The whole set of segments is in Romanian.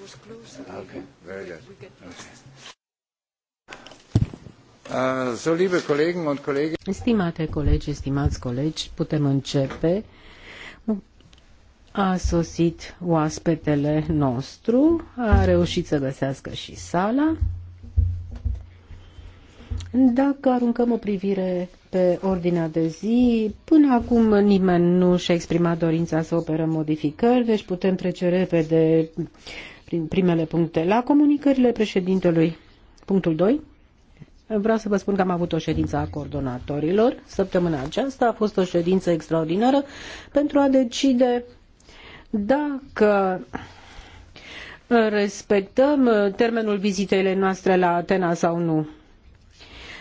vote was closed. Okay, very good. Uh, so, liebe Kollegen und Kollegen. Stimate colegi, stimați colegi, putem începe. A sosit oaspetele nostru, a reușit să găsească și sala. Dacă aruncăm o privire pe ordinea de zi, până acum nimeni nu și-a exprimat dorința să operăm modificări, deci putem trece repede prin primele puncte. La comunicările președintelui, punctul 2, vreau să vă spun că am avut o ședință a coordonatorilor. Săptămâna aceasta a fost o ședință extraordinară pentru a decide dacă respectăm termenul vizitei noastre la Atena sau nu.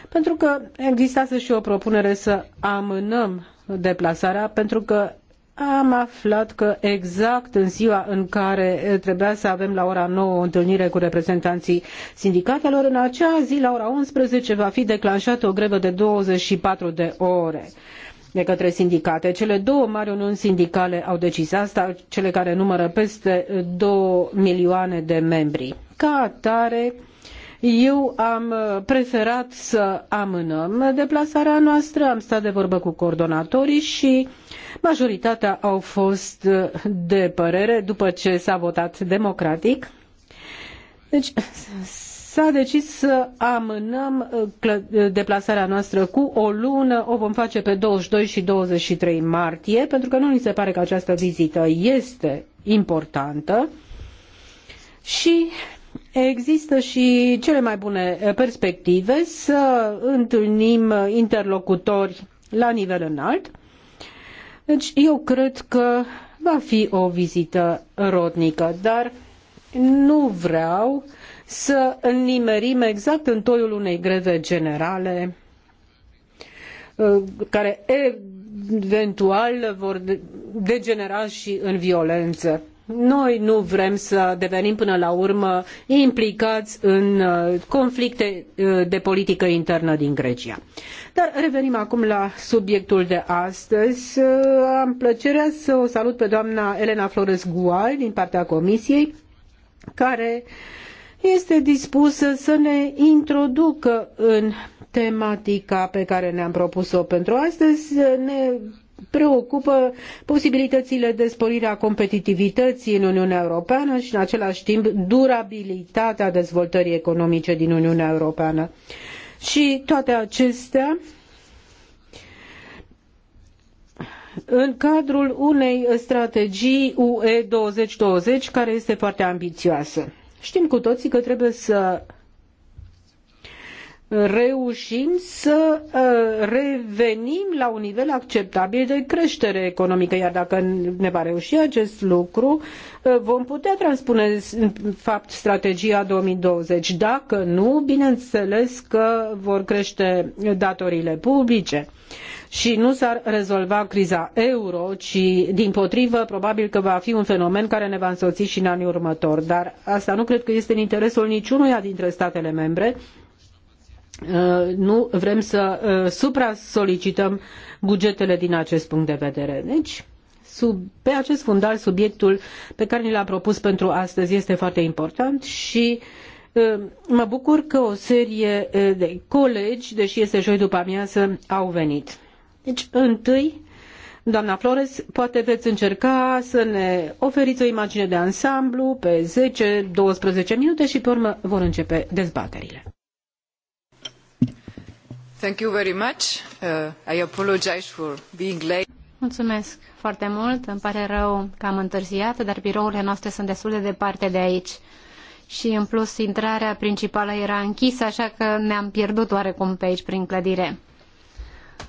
Pentru că existase și o propunere să amânăm deplasarea, pentru că am aflat că exact în ziua în care eh, trebuia să avem la ora 9 o întâlnire cu reprezentanții sindicatelor, în acea zi, la ora 11, va fi declanșată o grevă de 24 de ore de către sindicate. Cele două mari uniuni sindicale au decis asta, cele care numără peste 2 milioane de membri. Ca atare, eu am eh, preferat să amânăm deplasarea noastră, am stat de vorbă cu coordonatorii și Majoritatea au fost uh, de părere după ce s-a votat democratic. Deci s-a decis să amânăm uh, uh, deplasarea noastră cu o lună, o vom face pe 22 și 23 martie, pentru că nu ni se pare că această vizită este importantă și Există și cele mai bune perspective să întâlnim interlocutori la nivel înalt deci eu cred că va fi o vizită rodnică, dar nu vreau să nimerim exact în toiul unei greve generale uh, care eventual vor degenera și în violență. Noi nu vrem să devenim până la urmă implicați în uh, conflicte uh, de politică internă din Grecia. Dar revenim acum la subiectul de astăzi. Uh, am plăcerea să o salut pe doamna Elena Flores Gual din partea Comisiei, care este dispusă să ne introducă în tematica pe care ne-am propus-o pentru astăzi, ne preocupă posibilitățile de sporire a competitivității în Uniunea Europeană și în același timp durabilitatea dezvoltării economice din Uniunea Europeană. Și toate acestea în cadrul unei strategii UE 2020 care este foarte ambițioasă. Știm cu toții că trebuie să reușim să uh, revenim la un nivel acceptabil de creștere economică, iar dacă ne va reuși acest lucru, uh, vom putea transpune în fapt strategia 2020. Dacă nu, bineînțeles că vor crește datorile publice și nu s-ar rezolva criza euro, ci din potrivă probabil că va fi un fenomen care ne va însoți și în anii următori. Dar asta nu cred că este în interesul niciunuia dintre statele membre, Uh, nu vrem să uh, supra-solicităm bugetele din acest punct de vedere. Deci, sub, pe acest fundal, subiectul pe care ni l-a propus pentru astăzi este foarte important și uh, mă bucur că o serie de colegi, deși este joi după amiază, au venit. Deci, întâi, doamna Flores, poate veți încerca să ne oferiți o imagine de ansamblu pe 10-12 minute și pe urmă vor începe dezbaterile. Uh, mulțumesc foarte mult. Îmi pare rău că am întârziat, dar birourile noastre sunt destul de departe de aici. Și în plus, intrarea principală era închisă, așa că ne-am pierdut oarecum pe aici prin clădire.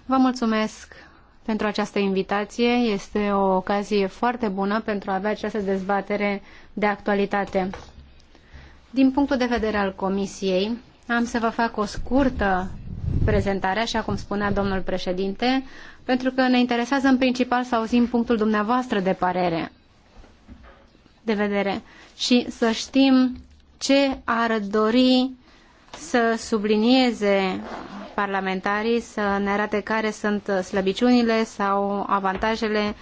Vă mulțumesc pentru această invitație. Este o ocazie foarte bună pentru a avea această dezbatere de actualitate. Din punctul de vedere al Comisiei, am să vă fac o scurtă prezentare, și cum spunea domnul președinte, pentru că ne interesează în principal să auzim punctul dumneavoastră de parere, de vedere și să știm ce ar dori să sublinieze parlamentarii, să ne arate care sunt slăbiciunile sau avantajele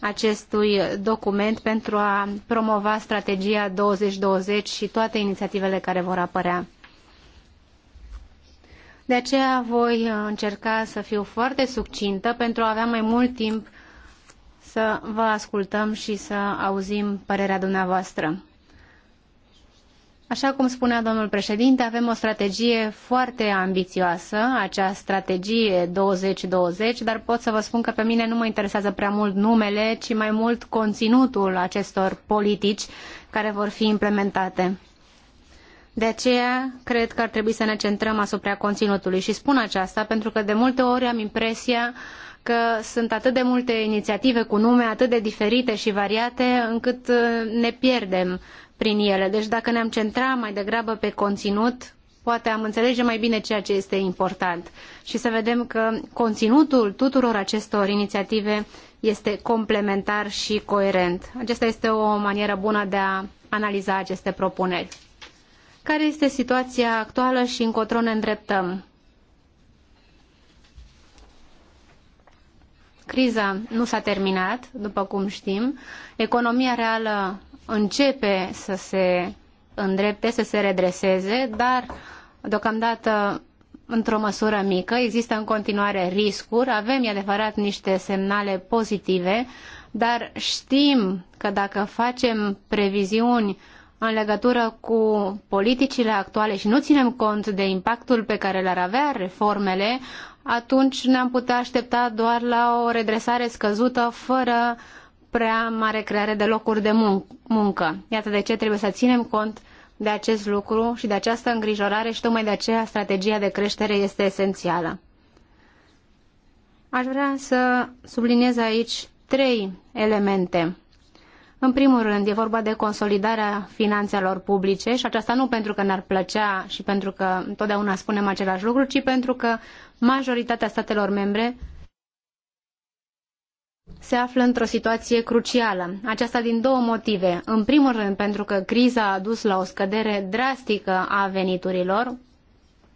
acestui document pentru a promova strategia 2020 și toate inițiativele care vor apărea. De aceea voi uh, încerca să fiu foarte succintă pentru a avea mai mult timp să vă ascultăm și să auzim părerea dumneavoastră. Așa cum spunea domnul președinte, avem o strategie foarte ambițioasă, acea strategie 2020, dar pot să vă spun că pe mine nu mă interesează prea mult numele, ci mai mult conținutul acestor politici care vor fi implementate. De aceea, cred că ar trebui să ne centrăm asupra conținutului și spun aceasta pentru că de multe ori am impresia că sunt atât de multe inițiative cu nume atât de diferite și variate încât uh, ne pierdem prin ele. Deci dacă ne-am centra mai degrabă pe conținut, poate am înțelege mai bine ceea ce este important și să vedem că conținutul tuturor acestor inițiative este complementar și coerent. Aceasta este o manieră bună de a analiza aceste propuneri care este situația actuală și încotro ne îndreptăm. Criza nu s-a terminat, după cum știm. Economia reală începe să se îndrepte, să se redreseze, dar deocamdată într-o măsură mică. Există în continuare riscuri, avem, e adevărat, niște semnale pozitive, dar știm că dacă facem previziuni în legătură cu politicile actuale și nu ținem cont de impactul pe care l-ar avea reformele, atunci ne-am putea aștepta doar la o redresare scăzută fără prea mare creare de locuri de muncă. Iată de ce trebuie să ținem cont de acest lucru și de această îngrijorare și tocmai de aceea strategia de creștere este esențială. Aș vrea să subliniez aici trei elemente. În primul rând, e vorba de consolidarea finanțelor publice și aceasta nu pentru că ne-ar plăcea și pentru că întotdeauna spunem același lucru, ci pentru că majoritatea statelor membre se află într-o situație crucială. Aceasta din două motive. În primul rând, pentru că criza a dus la o scădere drastică a veniturilor,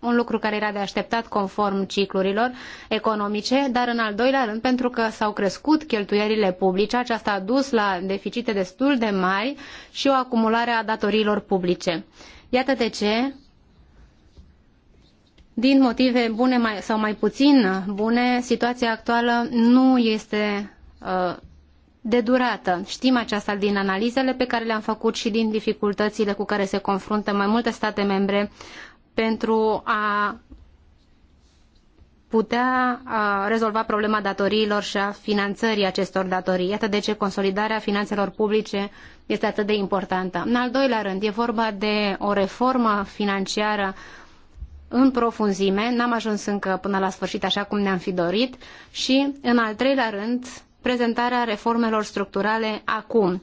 un lucru care era de așteptat conform ciclurilor economice, dar în al doilea rând pentru că s-au crescut cheltuielile publice, aceasta a dus la deficite destul de mari și o acumulare a datoriilor publice. Iată de ce din motive bune mai, sau mai puțin bune, situația actuală nu este uh, de durată. Știm aceasta din analizele pe care le-am făcut și din dificultățile cu care se confruntă mai multe state membre pentru a putea a, rezolva problema datoriilor și a finanțării acestor datorii. Iată de ce consolidarea finanțelor publice este atât de importantă. În al doilea rând, e vorba de o reformă financiară în profunzime, n-am ajuns încă până la sfârșit așa cum ne-am fi dorit și, în al treilea rând, prezentarea reformelor structurale acum.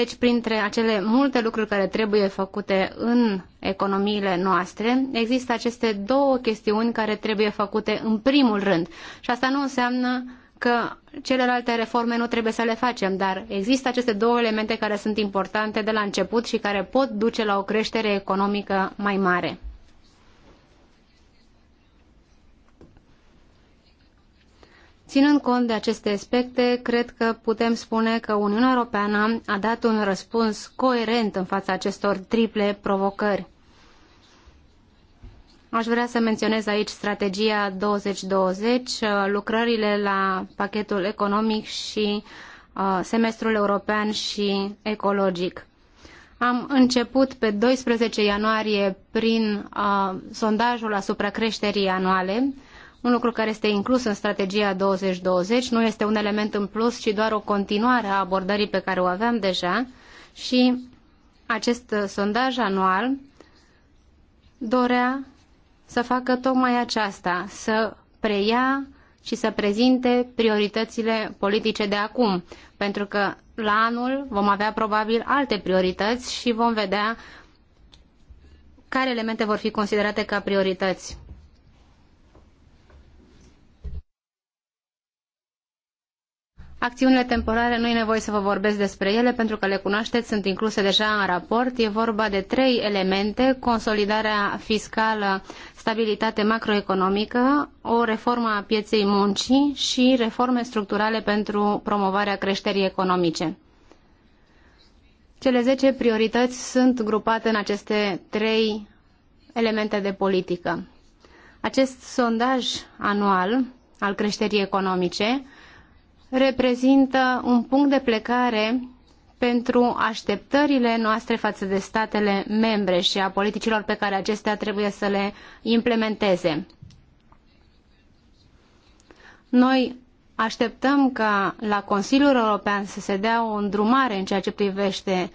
Deci, printre acele multe lucruri care trebuie făcute în economiile noastre, există aceste două chestiuni care trebuie făcute în primul rând. Și asta nu înseamnă că celelalte reforme nu trebuie să le facem, dar există aceste două elemente care sunt importante de la început și care pot duce la o creștere economică mai mare. Ținând cont de aceste aspecte, cred că putem spune că Uniunea Europeană a dat un răspuns coerent în fața acestor triple provocări. Aș vrea să menționez aici strategia 2020, lucrările la pachetul economic și uh, semestrul european și ecologic. Am început pe 12 ianuarie prin uh, sondajul asupra creșterii anuale un lucru care este inclus în strategia 2020, nu este un element în plus, ci doar o continuare a abordării pe care o aveam deja și acest uh, sondaj anual dorea să facă tocmai aceasta, să preia și să prezinte prioritățile politice de acum, pentru că la anul vom avea probabil alte priorități și vom vedea care elemente vor fi considerate ca priorități. Acțiunile temporare nu e nevoie să vă vorbesc despre ele pentru că le cunoașteți, sunt incluse deja în raport. E vorba de trei elemente, consolidarea fiscală, stabilitate macroeconomică, o reformă a pieței muncii și reforme structurale pentru promovarea creșterii economice. Cele zece priorități sunt grupate în aceste trei elemente de politică. Acest sondaj anual al creșterii economice reprezintă un punct de plecare pentru așteptările noastre față de statele membre și a politicilor pe care acestea trebuie să le implementeze. Noi așteptăm ca la Consiliul European să se dea o îndrumare în ceea ce privește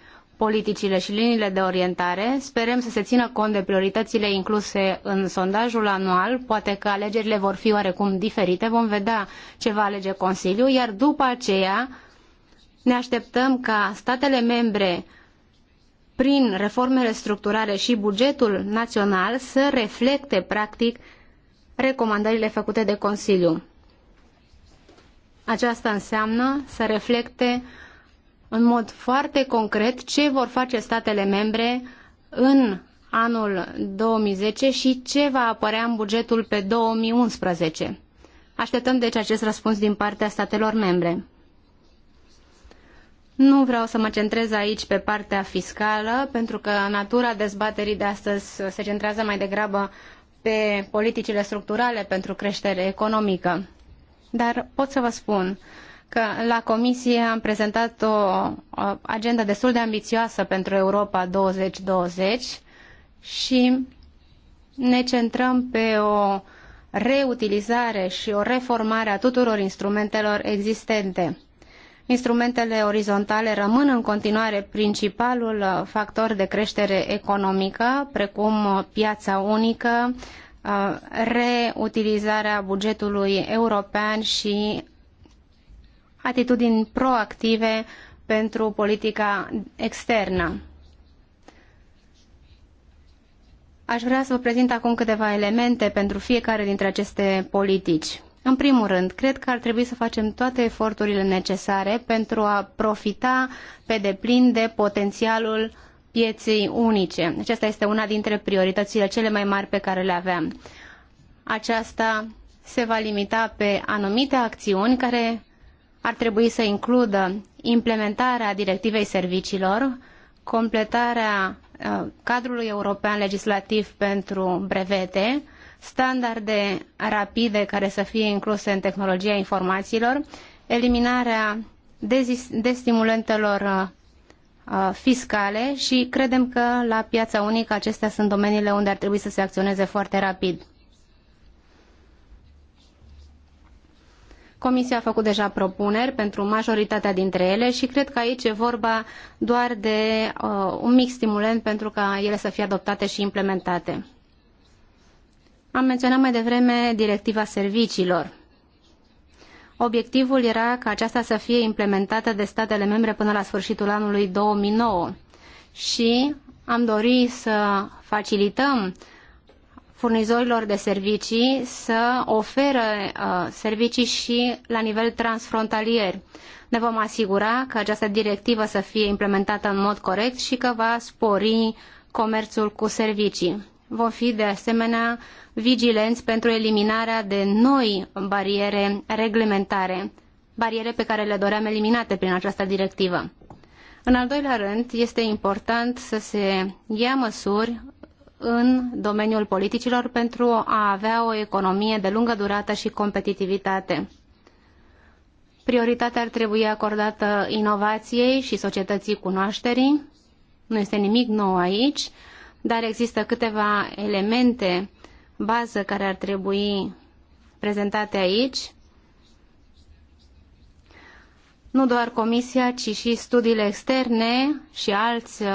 politicile și liniile de orientare. Sperăm să se țină cont de prioritățile incluse în sondajul anual. Poate că alegerile vor fi oarecum diferite. Vom vedea ce va alege Consiliul, iar după aceea ne așteptăm ca statele membre prin reformele structurale și bugetul național să reflecte practic recomandările făcute de Consiliu. Aceasta înseamnă să reflecte în mod foarte concret ce vor face statele membre în anul 2010 și ce va apărea în bugetul pe 2011. Așteptăm deci acest răspuns din partea statelor membre. Nu vreau să mă centrez aici pe partea fiscală, pentru că natura dezbaterii de astăzi se centrează mai degrabă pe politicile structurale pentru creștere economică. Dar pot să vă spun că la Comisie am prezentat o agendă destul de ambițioasă pentru Europa 2020 și ne centrăm pe o reutilizare și o reformare a tuturor instrumentelor existente. Instrumentele orizontale rămân în continuare principalul factor de creștere economică, precum piața unică, uh, reutilizarea bugetului european și atitudini proactive pentru politica externă. Aș vrea să vă prezint acum câteva elemente pentru fiecare dintre aceste politici. În primul rând, cred că ar trebui să facem toate eforturile necesare pentru a profita pe deplin de potențialul pieței unice. Aceasta deci este una dintre prioritățile cele mai mari pe care le aveam. Aceasta se va limita pe anumite acțiuni care ar trebui să includă implementarea directivei serviciilor, completarea uh, cadrului european legislativ pentru brevete, standarde rapide care să fie incluse în tehnologia informațiilor, eliminarea destimulentelor uh, uh, fiscale și credem că la piața unică acestea sunt domeniile unde ar trebui să se acționeze foarte rapid. Comisia a făcut deja propuneri pentru majoritatea dintre ele și cred că aici e vorba doar de uh, un mic stimulant pentru ca ele să fie adoptate și implementate. Am menționat mai devreme directiva serviciilor. Obiectivul era ca aceasta să fie implementată de statele membre până la sfârșitul anului 2009 și am dorit să facilităm furnizorilor de servicii să ofere uh, servicii și la nivel transfrontalier. Ne vom asigura că această directivă să fie implementată în mod corect și că va spori comerțul cu servicii. Vom fi de asemenea vigilenți pentru eliminarea de noi bariere reglementare, bariere pe care le doream eliminate prin această directivă. În al doilea rând, este important să se ia măsuri în domeniul politicilor pentru a avea o economie de lungă durată și competitivitate. Prioritatea ar trebui acordată inovației și societății cunoașterii. Nu este nimic nou aici, dar există câteva elemente bază care ar trebui prezentate aici nu doar Comisia, ci și studiile externe și alți, uh,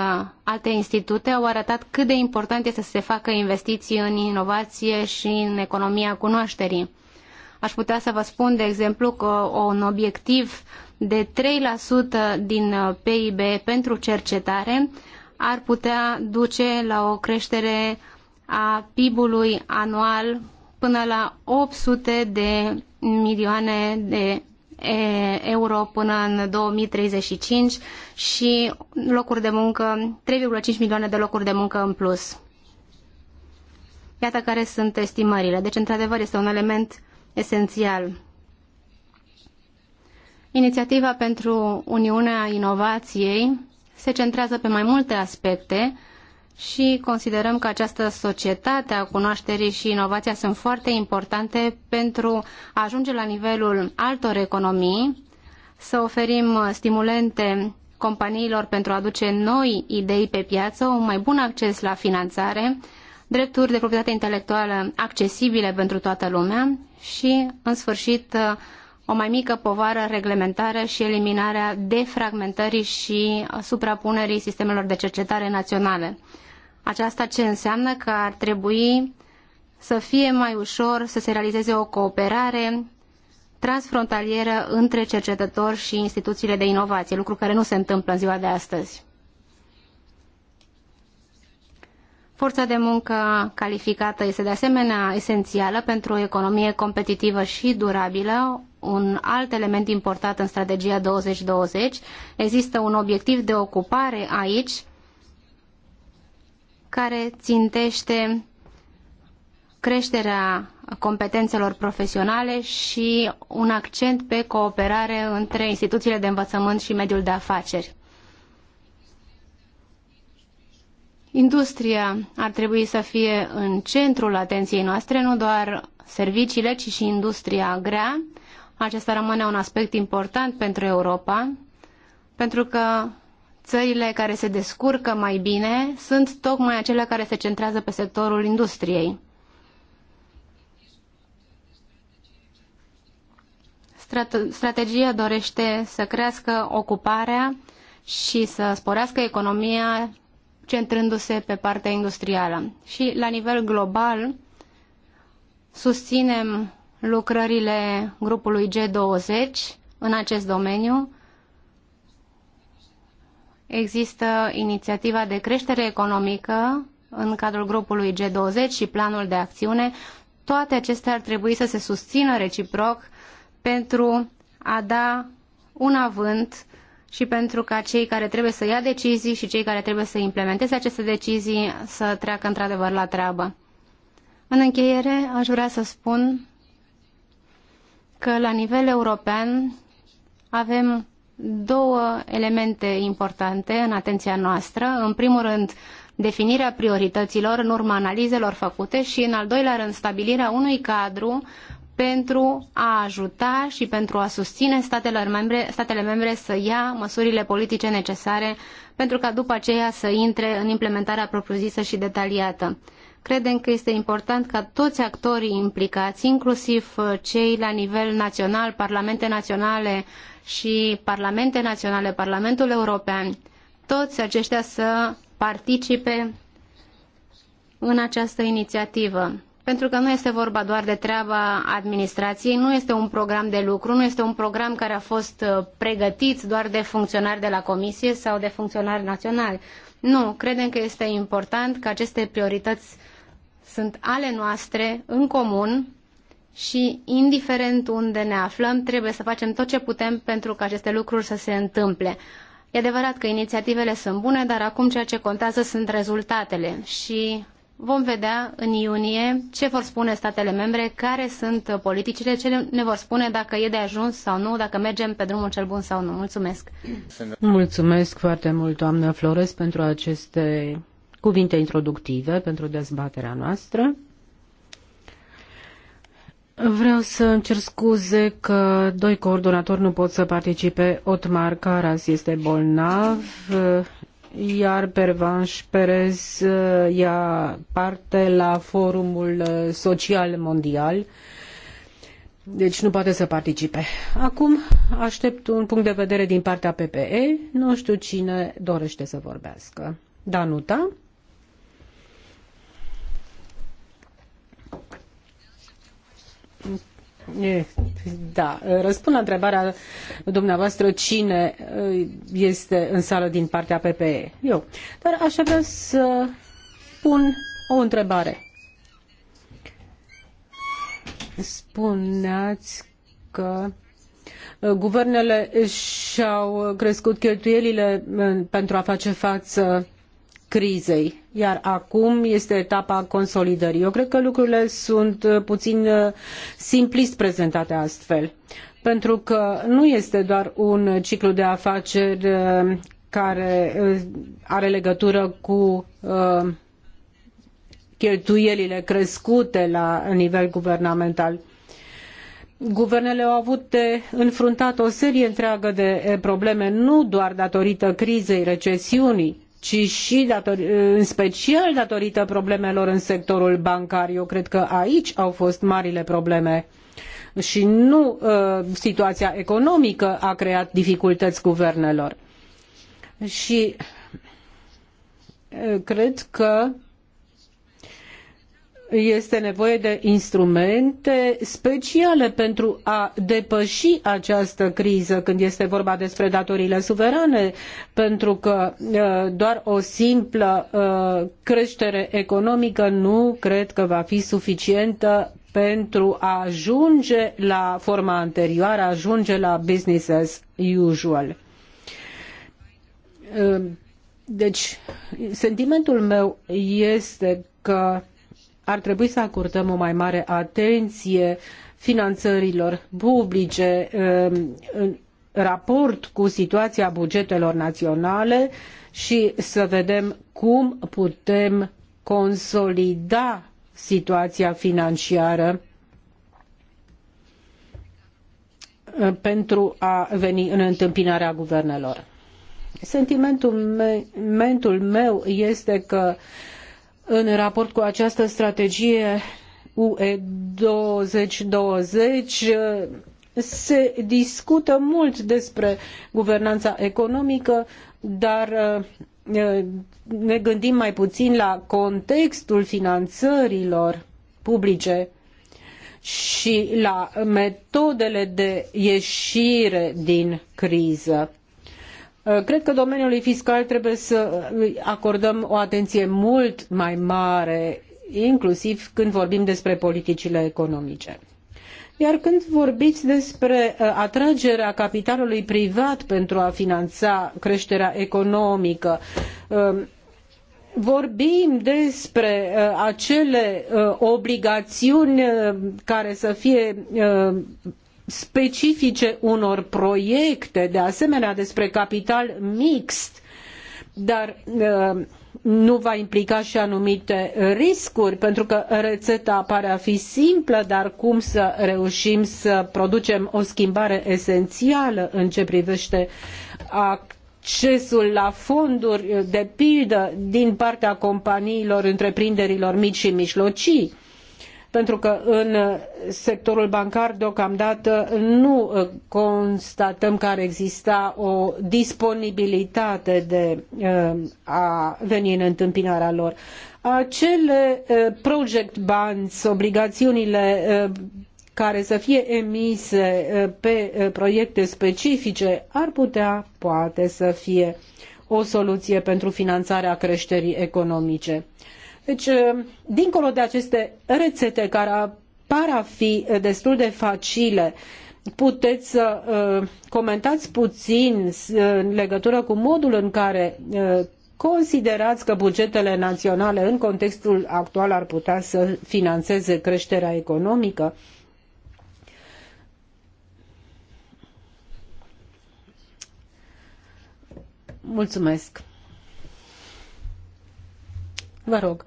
alte institute au arătat cât de important este să se facă investiții în inovație și în economia cunoașterii. Aș putea să vă spun, de exemplu, că un obiectiv de 3% din uh, PIB pentru cercetare ar putea duce la o creștere a PIB-ului anual până la 800 de milioane de euro până în 2035 și locuri de muncă, 3,5 milioane de locuri de muncă în plus. Iată care sunt estimările. Deci, într-adevăr, este un element esențial. Inițiativa pentru Uniunea Inovației se centrează pe mai multe aspecte, și considerăm că această societate a cunoașterii și inovația sunt foarte importante pentru a ajunge la nivelul altor economii, să oferim stimulente companiilor pentru a aduce noi idei pe piață, un mai bun acces la finanțare, drepturi de proprietate intelectuală accesibile pentru toată lumea și, în sfârșit, o mai mică povară reglementară și eliminarea defragmentării și suprapunerii sistemelor de cercetare naționale. Aceasta ce înseamnă că ar trebui să fie mai ușor să se realizeze o cooperare transfrontalieră între cercetători și instituțiile de inovație, lucru care nu se întâmplă în ziua de astăzi. Forța de muncă calificată este de asemenea esențială pentru o economie competitivă și durabilă, un alt element important în strategia 2020. Există un obiectiv de ocupare aici care țintește creșterea competențelor profesionale și un accent pe cooperare între instituțiile de învățământ și mediul de afaceri. Industria ar trebui să fie în centrul atenției noastre, nu doar serviciile, ci și industria grea. Acesta rămâne un aspect important pentru Europa, pentru că Țările care se descurcă mai bine sunt tocmai acele care se centrează pe sectorul industriei. strategia dorește să crească ocuparea și să sporească economia centrându-se pe partea industrială. Și la nivel global susținem lucrările grupului G20 în acest domeniu Există inițiativa de creștere economică în cadrul grupului G20 și planul de acțiune. Toate acestea ar trebui să se susțină reciproc pentru a da un avânt și pentru ca cei care trebuie să ia decizii și cei care trebuie să implementeze aceste decizii să treacă într-adevăr la treabă. În încheiere, aș vrea să spun că la nivel european avem două elemente importante în atenția noastră. În primul rând, definirea priorităților în urma analizelor făcute și, în al doilea rând, stabilirea unui cadru pentru a ajuta și pentru a susține statele membre, statele membre să ia măsurile politice necesare pentru ca după aceea să intre în implementarea propriu-zisă și detaliată. Credem că este important ca toți actorii implicați, inclusiv uh, cei la nivel național, parlamente naționale și parlamente naționale, Parlamentul European, toți aceștia să participe în această inițiativă. Pentru că nu este vorba doar de treaba administrației, nu este un program de lucru, nu este un program care a fost uh, pregătit doar de funcționari de la comisie sau de funcționari naționali. Nu, credem că este important ca aceste priorități sunt ale noastre în comun și indiferent unde ne aflăm, trebuie să facem tot ce putem pentru ca aceste lucruri să se întâmple. E adevărat că inițiativele sunt bune, dar acum ceea ce contează sunt rezultatele și vom vedea în iunie ce vor spune statele membre, care sunt politicile, ce ne vor spune dacă e de ajuns sau nu, dacă mergem pe drumul cel bun sau nu. Mulțumesc! Mulțumesc foarte mult, doamnă Flores, pentru aceste cuvinte introductive pentru dezbaterea noastră. Vreau să îmi cer scuze că doi coordonatori nu pot să participe. Otmar Caras este bolnav, iar Pervanș Perez uh, ia parte la Forumul uh, Social Mondial, deci nu poate să participe. Acum aștept un punct de vedere din partea PPE. Nu știu cine dorește să vorbească. Danuta? Da, răspund la întrebarea dumneavoastră cine uh, este în sală din partea PPE. Eu. Dar aș vrea să pun o întrebare. Spuneați că uh, guvernele și-au crescut cheltuielile uh, pentru a face față crizei, iar acum este etapa consolidării. Eu cred că lucrurile sunt uh, puțin uh, simplist prezentate astfel, pentru că nu este doar un ciclu de afaceri uh, care are legătură cu cheltuielile crescute la nivel guvernamental. Guvernele au avut de înfruntat o serie întreagă de eh, probleme, nu doar datorită crizei, recesiunii, ci și în special datorită problemelor în sectorul bancar. Eu cred că aici au fost marile probleme și nu situaia uh, situația economică a creat dificultăți guvernelor. Și uh, cred că este nevoie de instrumente speciale pentru a depăși această criză când este vorba despre datoriile suverane, pentru că uh, doar o simplă uh, creștere economică nu cred că va fi suficientă pentru a ajunge la forma anterioară, a ajunge la business as usual. Uh, deci, sentimentul meu este că ar trebui să acordăm o mai mare atenție finanțărilor publice um, în raport cu situația bugetelor naționale și să vedem cum putem consolida situația financiară uh, pentru a veni în întâmpinarea guvernelor. Sentimentul meu este că în raport cu această strategie UE 2020 se discută mult despre guvernanța economică, dar ne gândim mai puțin la contextul finanțărilor publice și la metodele de ieșire din criză. Uh, cred că domeniului fiscal trebuie să îi acordăm o atenție mult mai mare, inclusiv când vorbim despre politicile economice. Iar când vorbiți despre uh, atragerea capitalului privat pentru a finanța creșterea economică, uh, vorbim despre acele obligațiuni care să fie specifice unor proiecte, de asemenea despre capital mixt, dar uh, nu va implica și anumite riscuri, pentru că rețeta pare a fi simplă, dar cum să reușim să producem o schimbare esențială în ce privește accesul la fonduri, de pildă, din partea companiilor, întreprinderilor mici și mijlocii? pentru că în sectorul bancar deocamdată nu uh, constatăm că ar exista o disponibilitate de uh, a veni în întâmpinarea lor. Acele uh, project bonds, obligațiunile care să fie emise pe proiecte specifice ar putea, poate, să fie o soluție pentru finanțarea creșterii economice. Deci, ă, dincolo de aceste rețete care par a fi destul de facile, puteți să ă, comentați puțin ă, în legătură cu modul în care considerați că bugetele naționale în contextul actual ar putea să financeze creșterea economică? Mulțumesc. Vă rog.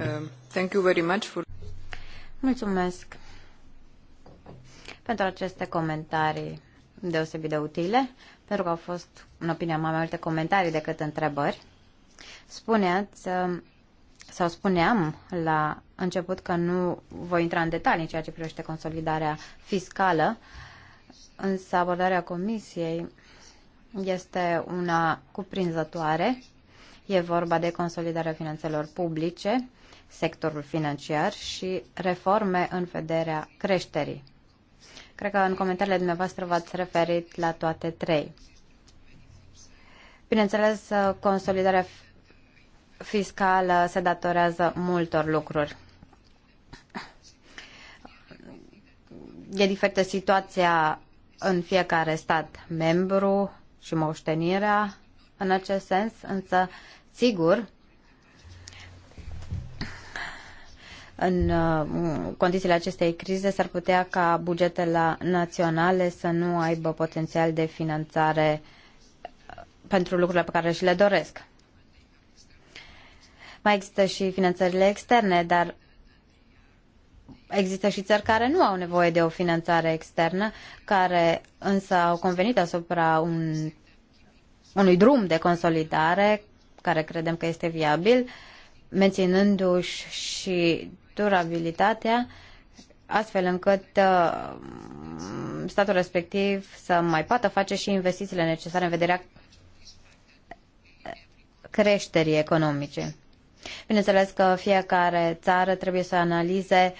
Um, Mulțumesc pentru aceste comentarii deosebit de utile, pentru că au fost, în opinia mea, mai multe comentarii decât întrebări. Spuneați um, sau spuneam la început că nu voi intra în detalii în ceea ce privește consolidarea fiscală, însă abordarea Comisiei este una cuprinzătoare. E vorba de consolidarea finanțelor publice, sectorul financiar și reforme în vederea creșterii. Cred că în comentariile dumneavoastră v-ați referit la toate trei. Bineînțeles, consolidarea fiscală se datorează multor lucruri. E diferită situația în fiecare stat membru și moștenirea în acest sens, însă, sigur, în uh, condițiile acestei crize s-ar putea ca bugetele naționale să nu aibă potențial de finanțare uh, pentru lucrurile pe care și le doresc. Mai există și finanțările externe, dar există și țări care nu au nevoie de o finanțare externă, care însă au convenit asupra un, unui drum de consolidare care credem că este viabil, menținându-și și durabilitatea, astfel încât uh, statul respectiv să mai poată face și investițiile necesare în vederea creșterii economice. Bineînțeles că fiecare țară trebuie să analize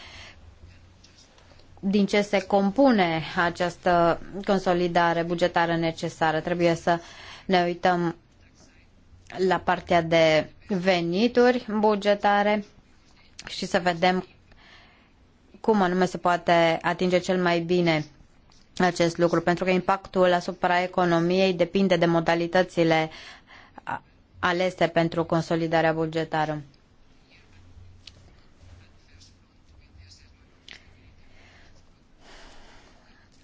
din ce se compune această consolidare bugetară necesară. Trebuie să ne uităm la partea de venituri bugetare și să vedem cum anume se poate atinge cel mai bine acest lucru, pentru că impactul asupra economiei depinde de modalitățile alese pentru consolidarea bugetară.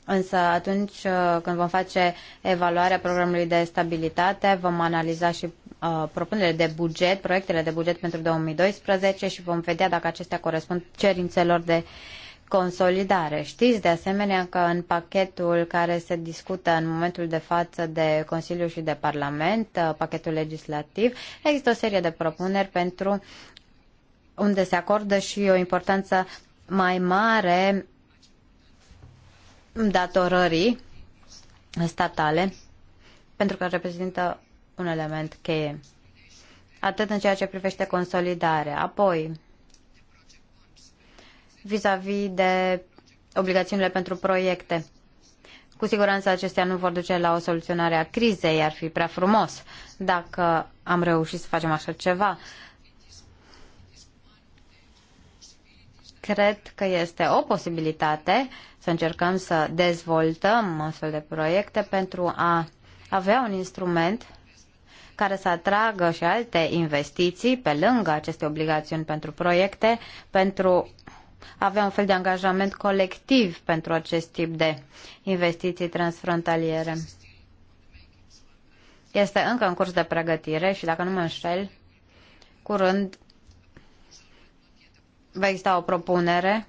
Însă atunci uh, când vom face evaluarea programului de stabilitate, vom analiza și Uh, propunerile de buget, proiectele de buget pentru 2012 și vom vedea dacă acestea corespund cerințelor de consolidare. Știți de asemenea că în pachetul care se discută în momentul de față de Consiliu și de Parlament, uh, pachetul legislativ, există o serie de propuneri pentru unde se acordă și o importanță mai mare datorării statale, pentru că reprezintă un element cheie, atât în ceea ce privește consolidarea. Apoi, vis-a-vis -vis de obligațiunile pentru proiecte. Cu siguranță acestea nu vor duce la o soluționare a crizei, ar fi prea frumos dacă am reușit să facem așa ceva. Cred că este o posibilitate să încercăm să dezvoltăm astfel de proiecte pentru a avea un instrument care să atragă și alte investiții pe lângă aceste obligațiuni pentru proiecte, pentru a avea un fel de angajament colectiv pentru acest tip de investiții transfrontaliere. Este încă în curs de pregătire și, dacă nu mă înșel, curând va exista o propunere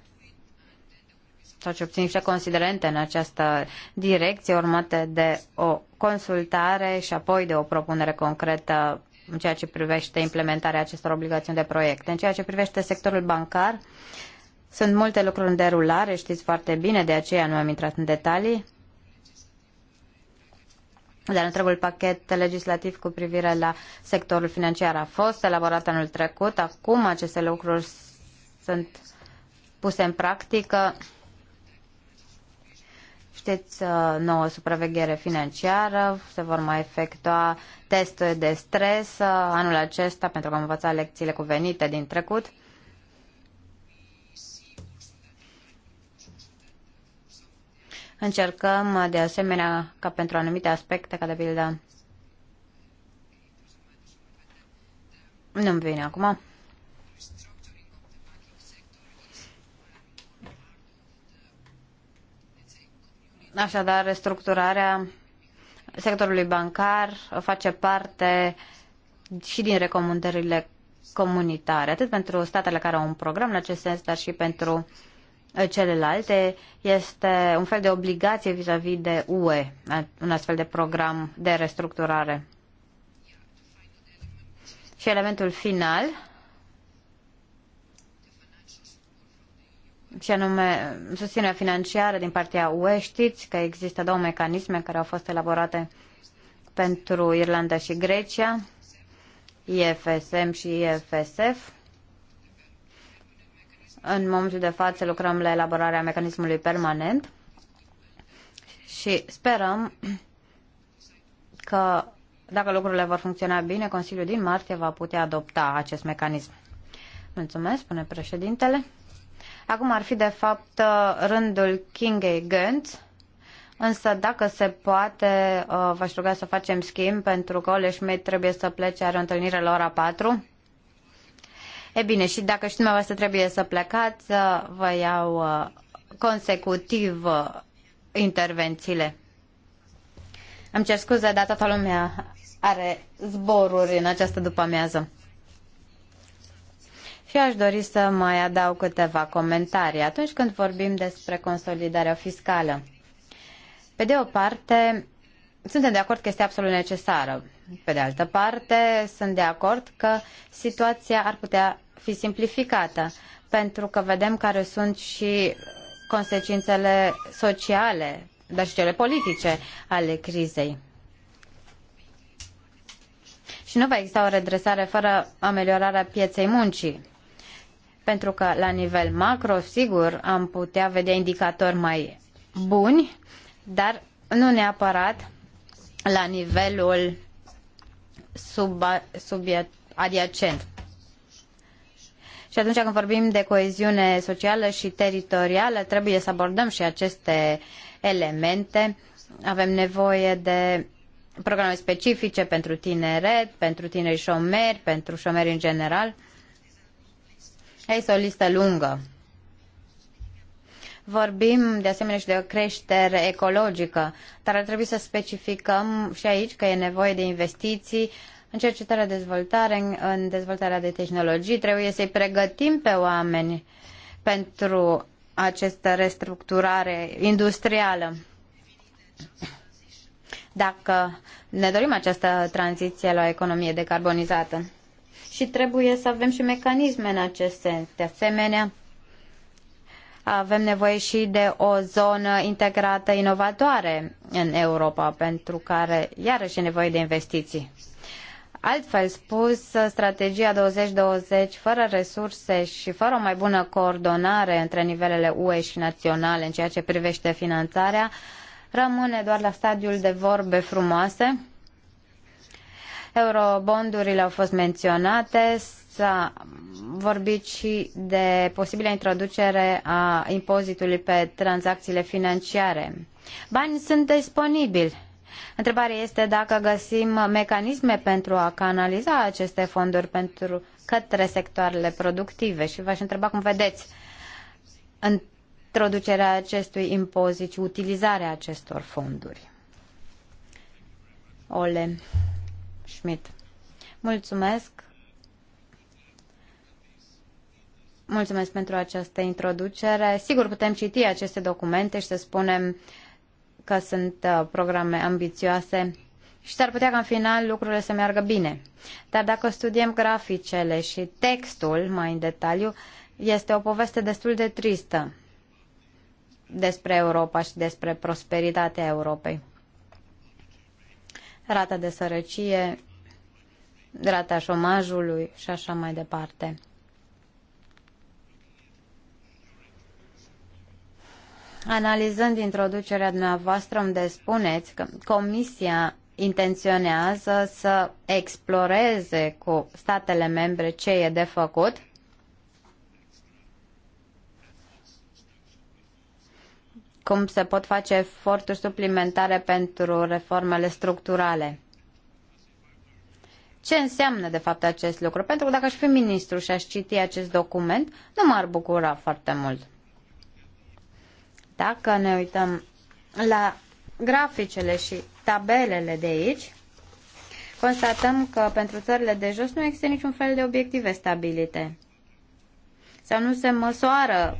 sau ce obțin niște considerente în această direcție, urmate de o consultare și apoi de o propunere concretă în ceea ce privește implementarea acestor obligațiuni de proiecte. În ceea ce privește sectorul bancar, sunt multe lucruri în derulare, știți foarte bine, de aceea nu am intrat în detalii. Dar întregul pachet legislativ cu privire la sectorul financiar a fost elaborat anul trecut. Acum aceste lucruri sunt puse în practică știți, uh, nouă supraveghere financiară, se vor mai efectua teste de stres uh, anul acesta pentru că am învățat lecțiile cuvenite din trecut. Încercăm uh, de asemenea ca pentru anumite aspecte, ca de pildă, nu-mi vine acum, Așadar, restructurarea sectorului bancar face parte și din recomandările comunitare, atât pentru statele care au un program în acest sens, dar și pentru uh, celelalte. Este un fel de obligație vis-a-vis -vis de UE, uh, un astfel de program de restructurare. Și elementul final și anume susținerea financiară din partea UE. Știți că există două mecanisme care au fost elaborate pentru Irlanda și Grecia, IFSM și IFSF. În momentul de față lucrăm la elaborarea mecanismului permanent și sperăm că dacă lucrurile vor funcționa bine, Consiliul din martie va putea adopta acest mecanism. Mulțumesc, spune președintele. Acum ar fi de fapt uh, rândul Kingei Gant, însă dacă se poate, uh, v-aș ruga să facem schimb pentru că Ole Schmidt trebuie să plece, are o întâlnire la ora 4. E bine, și dacă și dumneavoastră trebuie să plecați, uh, vă iau consecutiv intervențiile. Îmi cer scuze, dar toată lumea are zboruri în această după-amiază. Și aș dori să mai adaug câteva comentarii atunci când vorbim despre consolidarea fiscală. Pe de o parte, suntem de acord că este absolut necesară. Pe de altă parte, sunt de acord că situația ar putea fi simplificată, pentru că vedem care sunt și consecințele sociale, dar și cele politice ale crizei. Și nu va exista o redresare fără ameliorarea pieței muncii pentru că la nivel macro, sigur, am putea vedea indicatori mai buni, dar nu neapărat la nivelul sub, sub adiacent. Și atunci când vorbim de coeziune socială și teritorială, trebuie să abordăm și aceste elemente. Avem nevoie de programe specifice pentru tineret, pentru tineri șomeri, pentru șomeri în general. Este o listă lungă. Vorbim de asemenea și de o creștere ecologică, dar ar trebui să specificăm și aici că e nevoie de investiții în cercetarea, dezvoltare, în, în dezvoltarea de tehnologii. Trebuie să-i pregătim pe oameni pentru această restructurare industrială. Dacă ne dorim această tranziție la o economie decarbonizată și trebuie să avem și mecanisme în acest sens. De asemenea, avem nevoie și de o zonă integrată inovatoare în Europa, pentru care iarăși e nevoie de investiții. Altfel spus, strategia 2020 fără resurse și fără o mai bună coordonare între nivelele UE și naționale în ceea ce privește finanțarea rămâne doar la stadiul de vorbe frumoase Eurobondurile au fost menționate, s-a vorbit și de posibilă introducere a impozitului pe tranzacțiile financiare. Banii sunt disponibili. Întrebarea este dacă găsim mecanisme pentru a canaliza aceste fonduri pentru către sectoarele productive și v-aș întreba cum vedeți introducerea acestui impozit și utilizarea acestor fonduri. Ole. Schmidt. Mulțumesc! Mulțumesc pentru această introducere. Sigur, putem citi aceste documente și să spunem că sunt uh, programe ambițioase și s-ar putea ca în final lucrurile să meargă bine. Dar dacă studiem graficele și textul mai în detaliu, este o poveste destul de tristă despre Europa și despre prosperitatea Europei rata de sărăcie, rata șomajului și așa mai departe. Analizând introducerea dumneavoastră, îmi despuneți că Comisia intenționează să exploreze cu statele membre ce e de făcut cum se pot face eforturi suplimentare pentru reformele structurale. Ce înseamnă de fapt acest lucru? Pentru că dacă aș fi ministru și aș citi acest document, nu m-ar bucura foarte mult. Dacă ne uităm la graficele și tabelele de aici, constatăm că pentru țările de jos nu există niciun fel de obiective stabilite sau nu se măsoară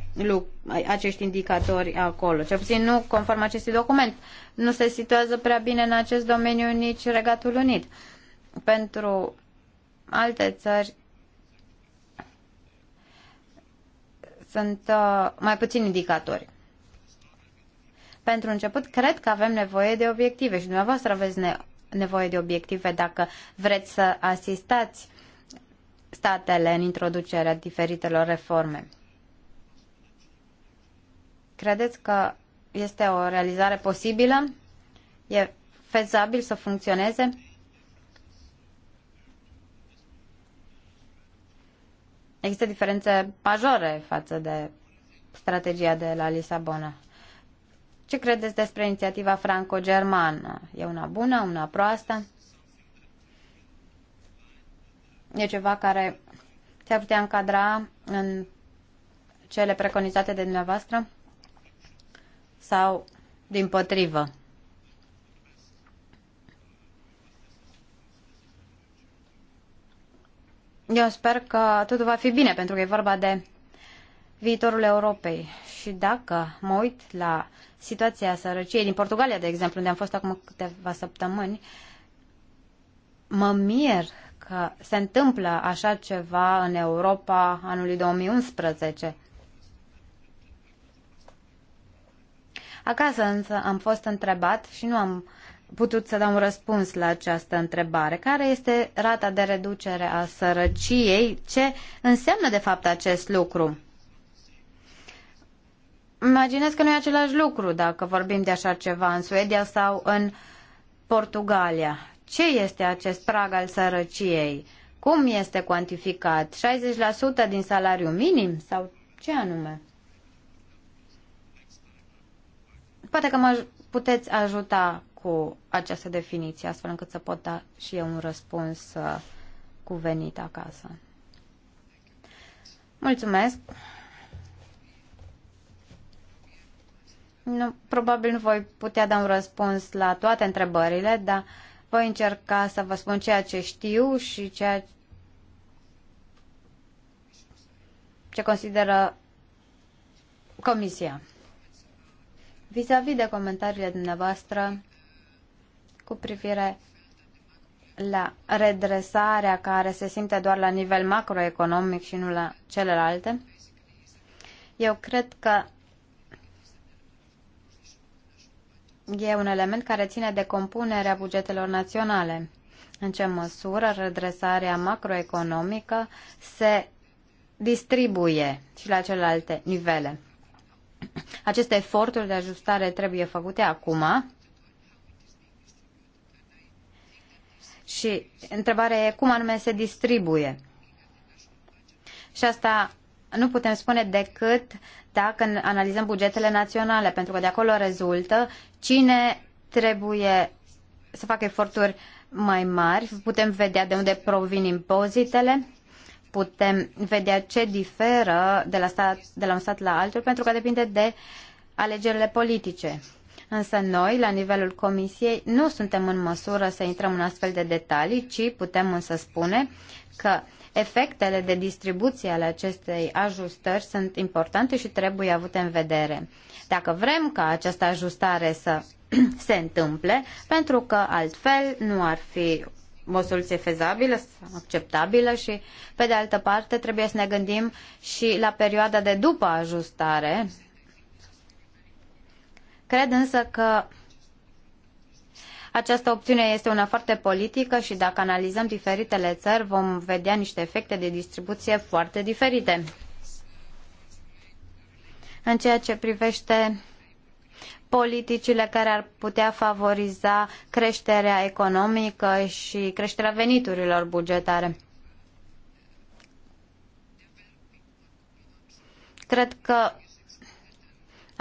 acești indicatori acolo, cel puțin nu conform acestui document. Nu se situează prea bine în acest domeniu nici Regatul Unit. Pentru alte țări sunt uh, mai puțini indicatori. Pentru început, cred că avem nevoie de obiective și dumneavoastră aveți ne- nevoie de obiective dacă vreți să asistați statele în introducerea diferitelor reforme. Credeți că este o realizare posibilă? E fezabil să funcționeze? Există diferențe majore față de strategia de la Lisabona. Ce credeți despre inițiativa franco-germană? E una bună, una proastă? e ceva care te ar putea încadra în cele preconizate de dumneavoastră sau din potrivă? Eu sper că totul va fi bine, pentru că e vorba de viitorul Europei. Și dacă mă uit la situația sărăciei din Portugalia, de exemplu, unde am fost acum câteva săptămâni, mă mir că se întâmplă așa ceva în Europa anului 2011. Acasă însă am fost întrebat și nu am putut să dau un răspuns la această întrebare. Care este rata de reducere a sărăciei? Ce înseamnă de fapt acest lucru? Imaginez că nu e același lucru dacă vorbim de așa ceva în Suedia sau în Portugalia. Ce este acest prag al sărăciei? Cum este cuantificat? 60% din salariu minim sau ce anume? Poate că mă puteți ajuta cu această definiție, astfel încât să pot da și eu un răspuns uh, cuvenit acasă. Mulțumesc! Nu, probabil nu voi putea da un răspuns la toate întrebările, dar uh, voi încerca să vă spun ceea ce știu și ceea ce consideră Comisia. Vis-a-vis -vis de comentariile dumneavoastră cu privire la redresarea care se simte doar la nivel macroeconomic și nu la celelalte, eu cred că e un element care ține de compunerea bugetelor naționale. În ce măsură redresarea macroeconomică se distribuie și la celelalte nivele. Aceste eforturi de ajustare trebuie făcute acum și întrebarea e cum anume se distribuie. Și asta nu putem spune decât dacă analizăm bugetele naționale, pentru că de acolo rezultă cine trebuie să facă eforturi mai mari, putem vedea de unde provin impozitele, putem vedea ce diferă de la, stat, de la un stat la altul, pentru că depinde de alegerile politice. Însă noi, la nivelul Comisiei, nu suntem în măsură să intrăm în astfel de detalii, ci putem însă spune că efectele de distribuție ale acestei ajustări sunt importante și trebuie avute în vedere. Dacă vrem ca această ajustare să se întâmple, pentru că altfel nu ar fi o soluție fezabilă, acceptabilă și, pe de altă parte, trebuie să ne gândim și la perioada de după ajustare, Cred însă că această opțiune este una foarte politică și dacă analizăm diferitele țări vom vedea niște efecte de distribuție foarte diferite. În ceea ce privește politicile care ar putea favoriza creșterea economică și creșterea veniturilor bugetare. Cred că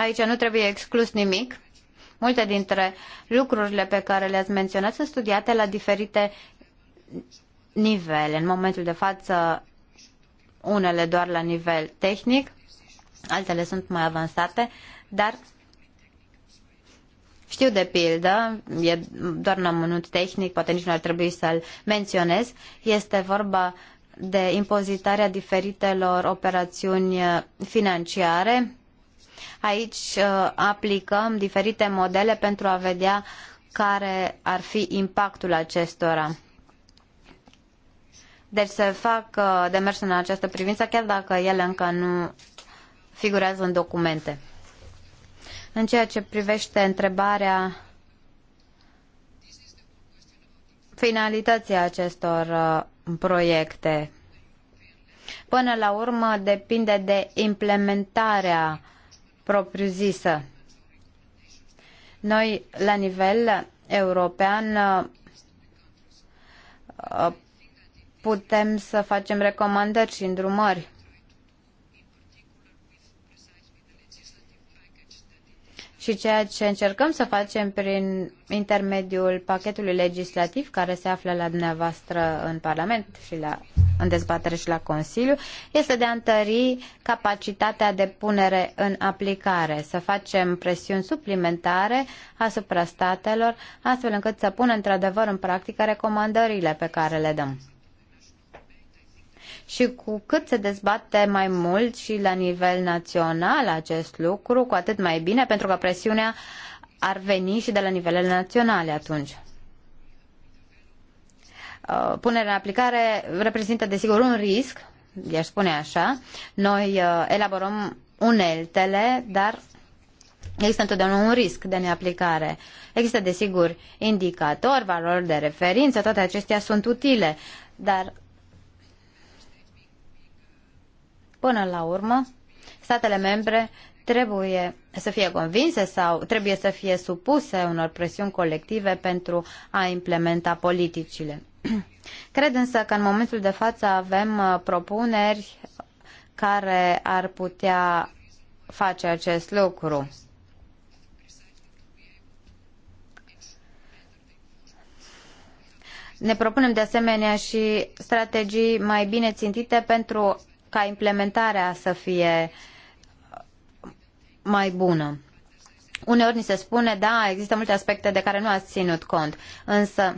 Aici nu trebuie exclus nimic. Multe dintre lucrurile pe care le-ați menționat sunt studiate la diferite nivele. În momentul de față, unele doar la nivel tehnic, altele sunt mai avansate, dar știu de pildă, e doar un amănunt tehnic, poate nici nu ar trebui să-l menționez, este vorba de impozitarea diferitelor operațiuni financiare Aici uh, aplicăm diferite modele pentru a vedea care ar fi impactul acestora. Deci se fac uh, demersuri în această privință, chiar dacă ele încă nu figurează în documente. În ceea ce privește întrebarea finalității acestor uh, proiecte, până la urmă depinde de implementarea propriu-zisă. Noi, la nivel european, uh, putem să facem recomandări și îndrumări Și ceea ce încercăm să facem prin intermediul pachetului legislativ care se află la dumneavoastră în Parlament și la, în dezbatere și la Consiliu, este de a întări capacitatea de punere în aplicare, să facem presiuni suplimentare asupra statelor, astfel încât să pună într-adevăr în practică recomandările pe care le dăm. Și cu cât se dezbate mai mult și la nivel național acest lucru, cu atât mai bine, pentru că presiunea ar veni și de la nivelele naționale atunci. Uh, punerea în aplicare reprezintă, desigur, un risc, i-aș spune așa. Noi uh, elaborăm uneltele, dar Există întotdeauna un risc de neaplicare. Există, desigur, indicatori, valori de referință, toate acestea sunt utile, dar Până la urmă, statele membre trebuie să fie convinse sau trebuie să fie supuse unor presiuni colective pentru a implementa politicile. Cred însă că în momentul de față avem uh, propuneri care ar putea face acest lucru. Ne propunem de asemenea și strategii mai bine țintite pentru ca implementarea să fie mai bună. Uneori ni se spune, da, există multe aspecte de care nu ați ținut cont, însă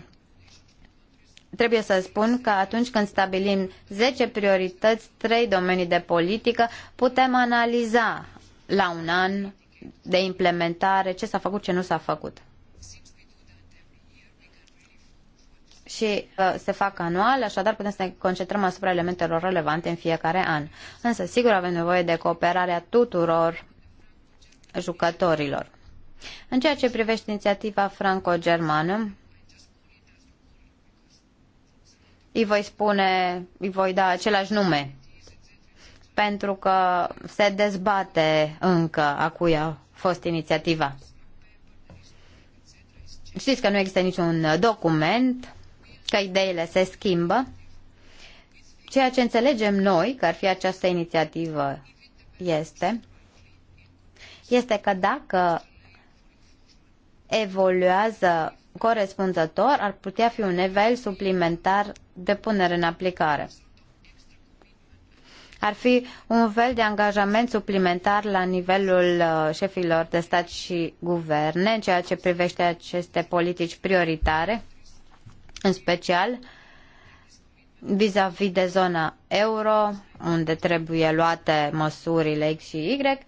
trebuie să spun că atunci când stabilim 10 priorități, 3 domenii de politică, putem analiza la un an de implementare ce s-a făcut, ce nu s-a făcut. și uh, se fac anual, așadar putem să ne concentrăm asupra elementelor relevante în fiecare an. Însă, sigur, avem nevoie de cooperarea tuturor jucătorilor. În ceea ce privește inițiativa franco-germană, îi voi spune, îi voi da același nume, pentru că se dezbate încă a cui a fost inițiativa. Știți că nu există niciun document că ideile se schimbă. Ceea ce înțelegem noi că ar fi această inițiativă este, este că dacă evoluează corespunzător, ar putea fi un nivel suplimentar de punere în aplicare. Ar fi un fel de angajament suplimentar la nivelul uh, șefilor de stat și guverne în ceea ce privește aceste politici prioritare în special vis-a-vis -vis de zona euro, unde trebuie luate măsurile X și Y,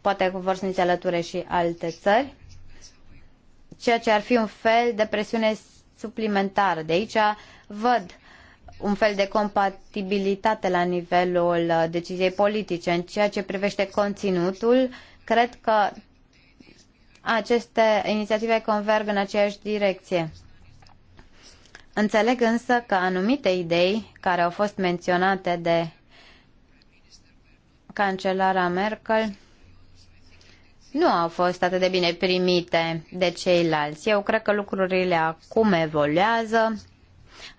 poate vor să ne alăture și alte țări, ceea ce ar fi un fel de presiune suplimentară. De aici văd un fel de compatibilitate la nivelul uh, deciziei politice. În ceea ce privește conținutul, cred că aceste inițiative converg în aceeași direcție. Înțeleg însă că anumite idei care au fost menționate de cancelara Merkel nu au fost atât de bine primite de ceilalți. Eu cred că lucrurile acum evoluează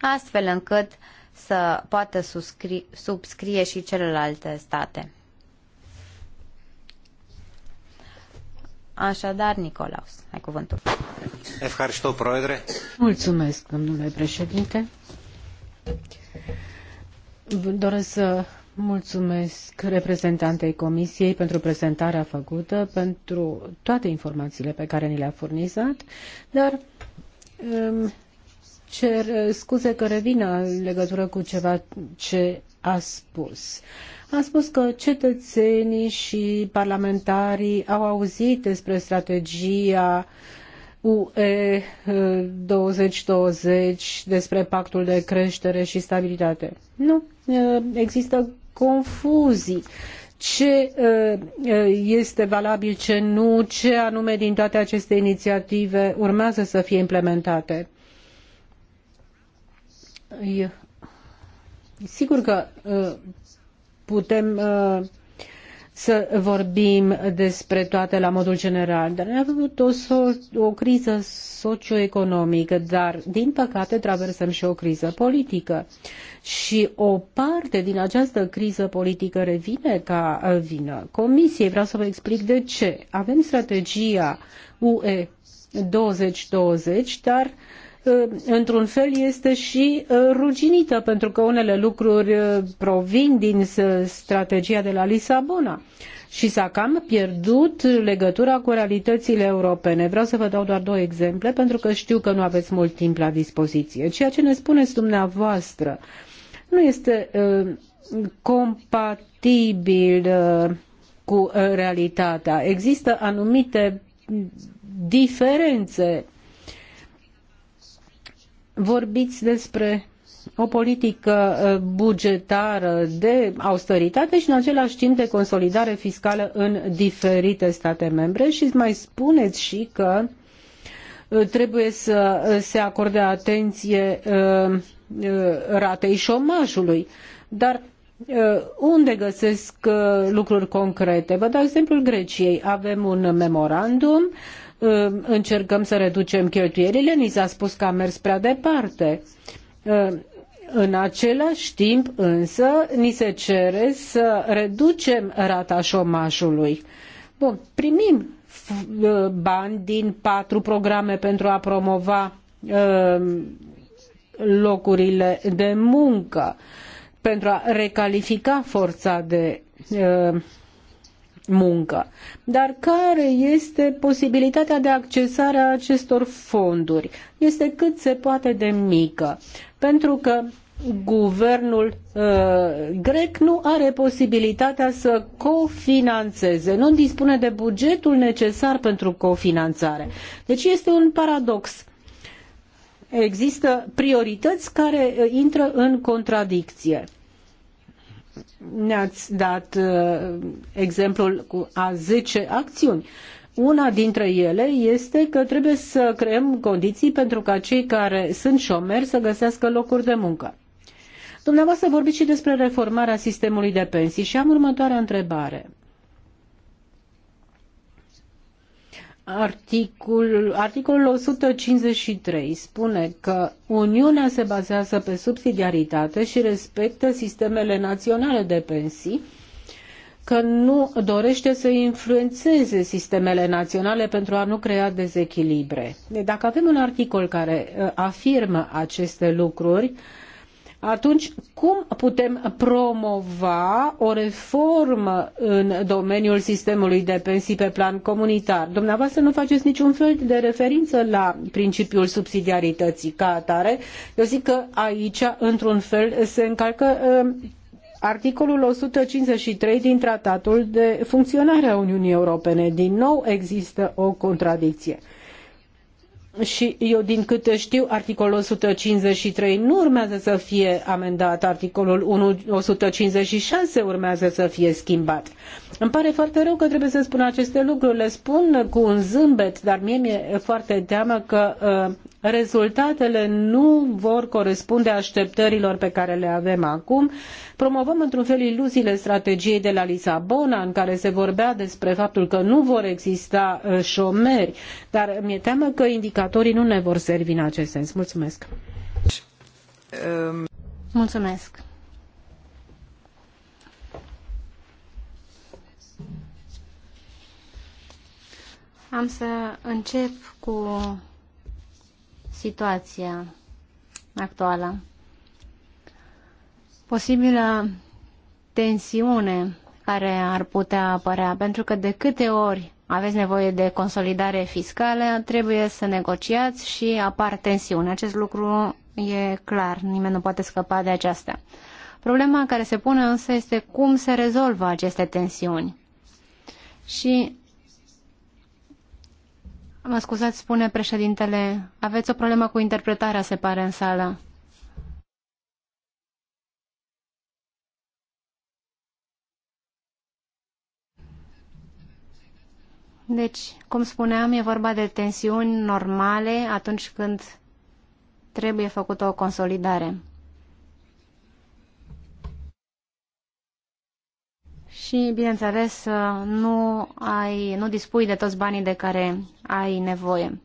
astfel încât să poată subscrie și celelalte state. Așadar, Nicolaus, ai cuvântul. Mulțumesc, domnule președinte. Doresc să mulțumesc reprezentantei Comisiei pentru prezentarea făcută, pentru toate informațiile pe care ni le-a furnizat, dar um, cer scuze că revin în legătură cu ceva ce a spus. Uh, am spus că cetățenii și parlamentarii au auzit despre strategia UE 2020 eh, despre pactul de creștere și stabilitate. Nu, eh, există confuzii ce eh, este valabil, ce nu, ce anume din toate aceste inițiative urmează să fie implementate. Sigur că putem uh, să vorbim despre toate la modul general. Dar ne-a avut o, so- o criză socioeconomică, dar din păcate traversăm și o criză politică. Și o parte din această criză politică revine ca vină Comisiei. Vreau să vă explic de ce. Avem strategia UE 2020, dar uh, Uh, într-un fel este și uh, ruginită, pentru că unele lucruri uh, provin din strategia de la Lisabona și s-a cam pierdut legătura cu realitățile europene. Vreau să vă dau doar două exemple, pentru că știu că nu aveți mult timp la dispoziție. Ceea ce ne spuneți dumneavoastră nu este compatibil cu realitatea. Există anumite diferențe vorbiți despre o politică uh, bugetară de austeritate și în același timp de consolidare fiscală în diferite state membre și mai spuneți și că uh, trebuie să se acorde atenție uh, ratei șomajului. Dar unde găsesc lucruri concrete? Vă dau exemplul Greciei. Avem un memorandum încercăm să reducem cheltuielile, ni s-a spus că a mers prea departe. În același timp, însă, ni se cere să reducem rata șomajului. Bun, primim ă, bani din patru programe pentru a promova ă, locurile de muncă, pentru a recalifica forța de ă, muncă. Dar care este posibilitatea de accesare a acestor fonduri? Este cât se poate de mică, pentru că guvernul uh, grec nu are posibilitatea să cofinanțeze, nu dispune de bugetul necesar pentru cofinanțare. Deci este un paradox. Există priorități care uh, intră în contradicție ne-ați dat uh, exemplul cu a zece acțiuni. Una dintre ele este că trebuie să creăm condiții pentru ca cei care sunt șomeri să găsească locuri de muncă. Dumneavoastră vorbiți și despre reformarea sistemului de pensii și am următoarea întrebare. Articol, articolul 153 spune că Uniunea se bazează pe subsidiaritate și respectă sistemele naționale de pensii, că nu dorește să influențeze sistemele naționale pentru a nu crea dezechilibre. Deci, dacă avem un articol care uh, afirmă aceste lucruri, atunci, cum putem promova o reformă în domeniul sistemului de pensii pe plan comunitar? Dumneavoastră nu faceți niciun fel de referință la principiul subsidiarității ca atare. Eu zic că aici, într-un fel, se încalcă um, Articolul 153 din Tratatul de Funcționare a Uniunii Europene. Din nou există o contradicție și eu din câte știu, articolul 153 nu urmează să fie amendat, articolul 1, 156 urmează să fie schimbat. Îmi pare foarte rău că trebuie să spun aceste lucruri, le spun cu un zâmbet, dar mie mi-e foarte teamă că uh, rezultatele nu vor corespunde așteptărilor pe care le avem acum. Promovăm într-un fel iluziile strategiei de la Lisabona, în care se vorbea despre faptul că nu vor exista uh, șomeri, dar mi-e teamă că indicatorii nu ne vor servi în acest sens. Mulțumesc! Um. Mulțumesc! Am să încep cu situația actuală. Posibilă tensiune care ar putea apărea, pentru că de câte ori aveți nevoie de consolidare fiscală, trebuie să negociați și apar tensiuni. Acest lucru e clar, nimeni nu poate scăpa de aceasta. Problema care se pune însă este cum se rezolvă aceste tensiuni. Și Mă scuzați, spune președintele, aveți o problemă cu interpretarea, se pare, în sală. Deci, cum spuneam, e vorba de tensiuni normale atunci când trebuie făcută o consolidare. și, bineînțeles, nu, ai, nu dispui de toți banii de care ai nevoie.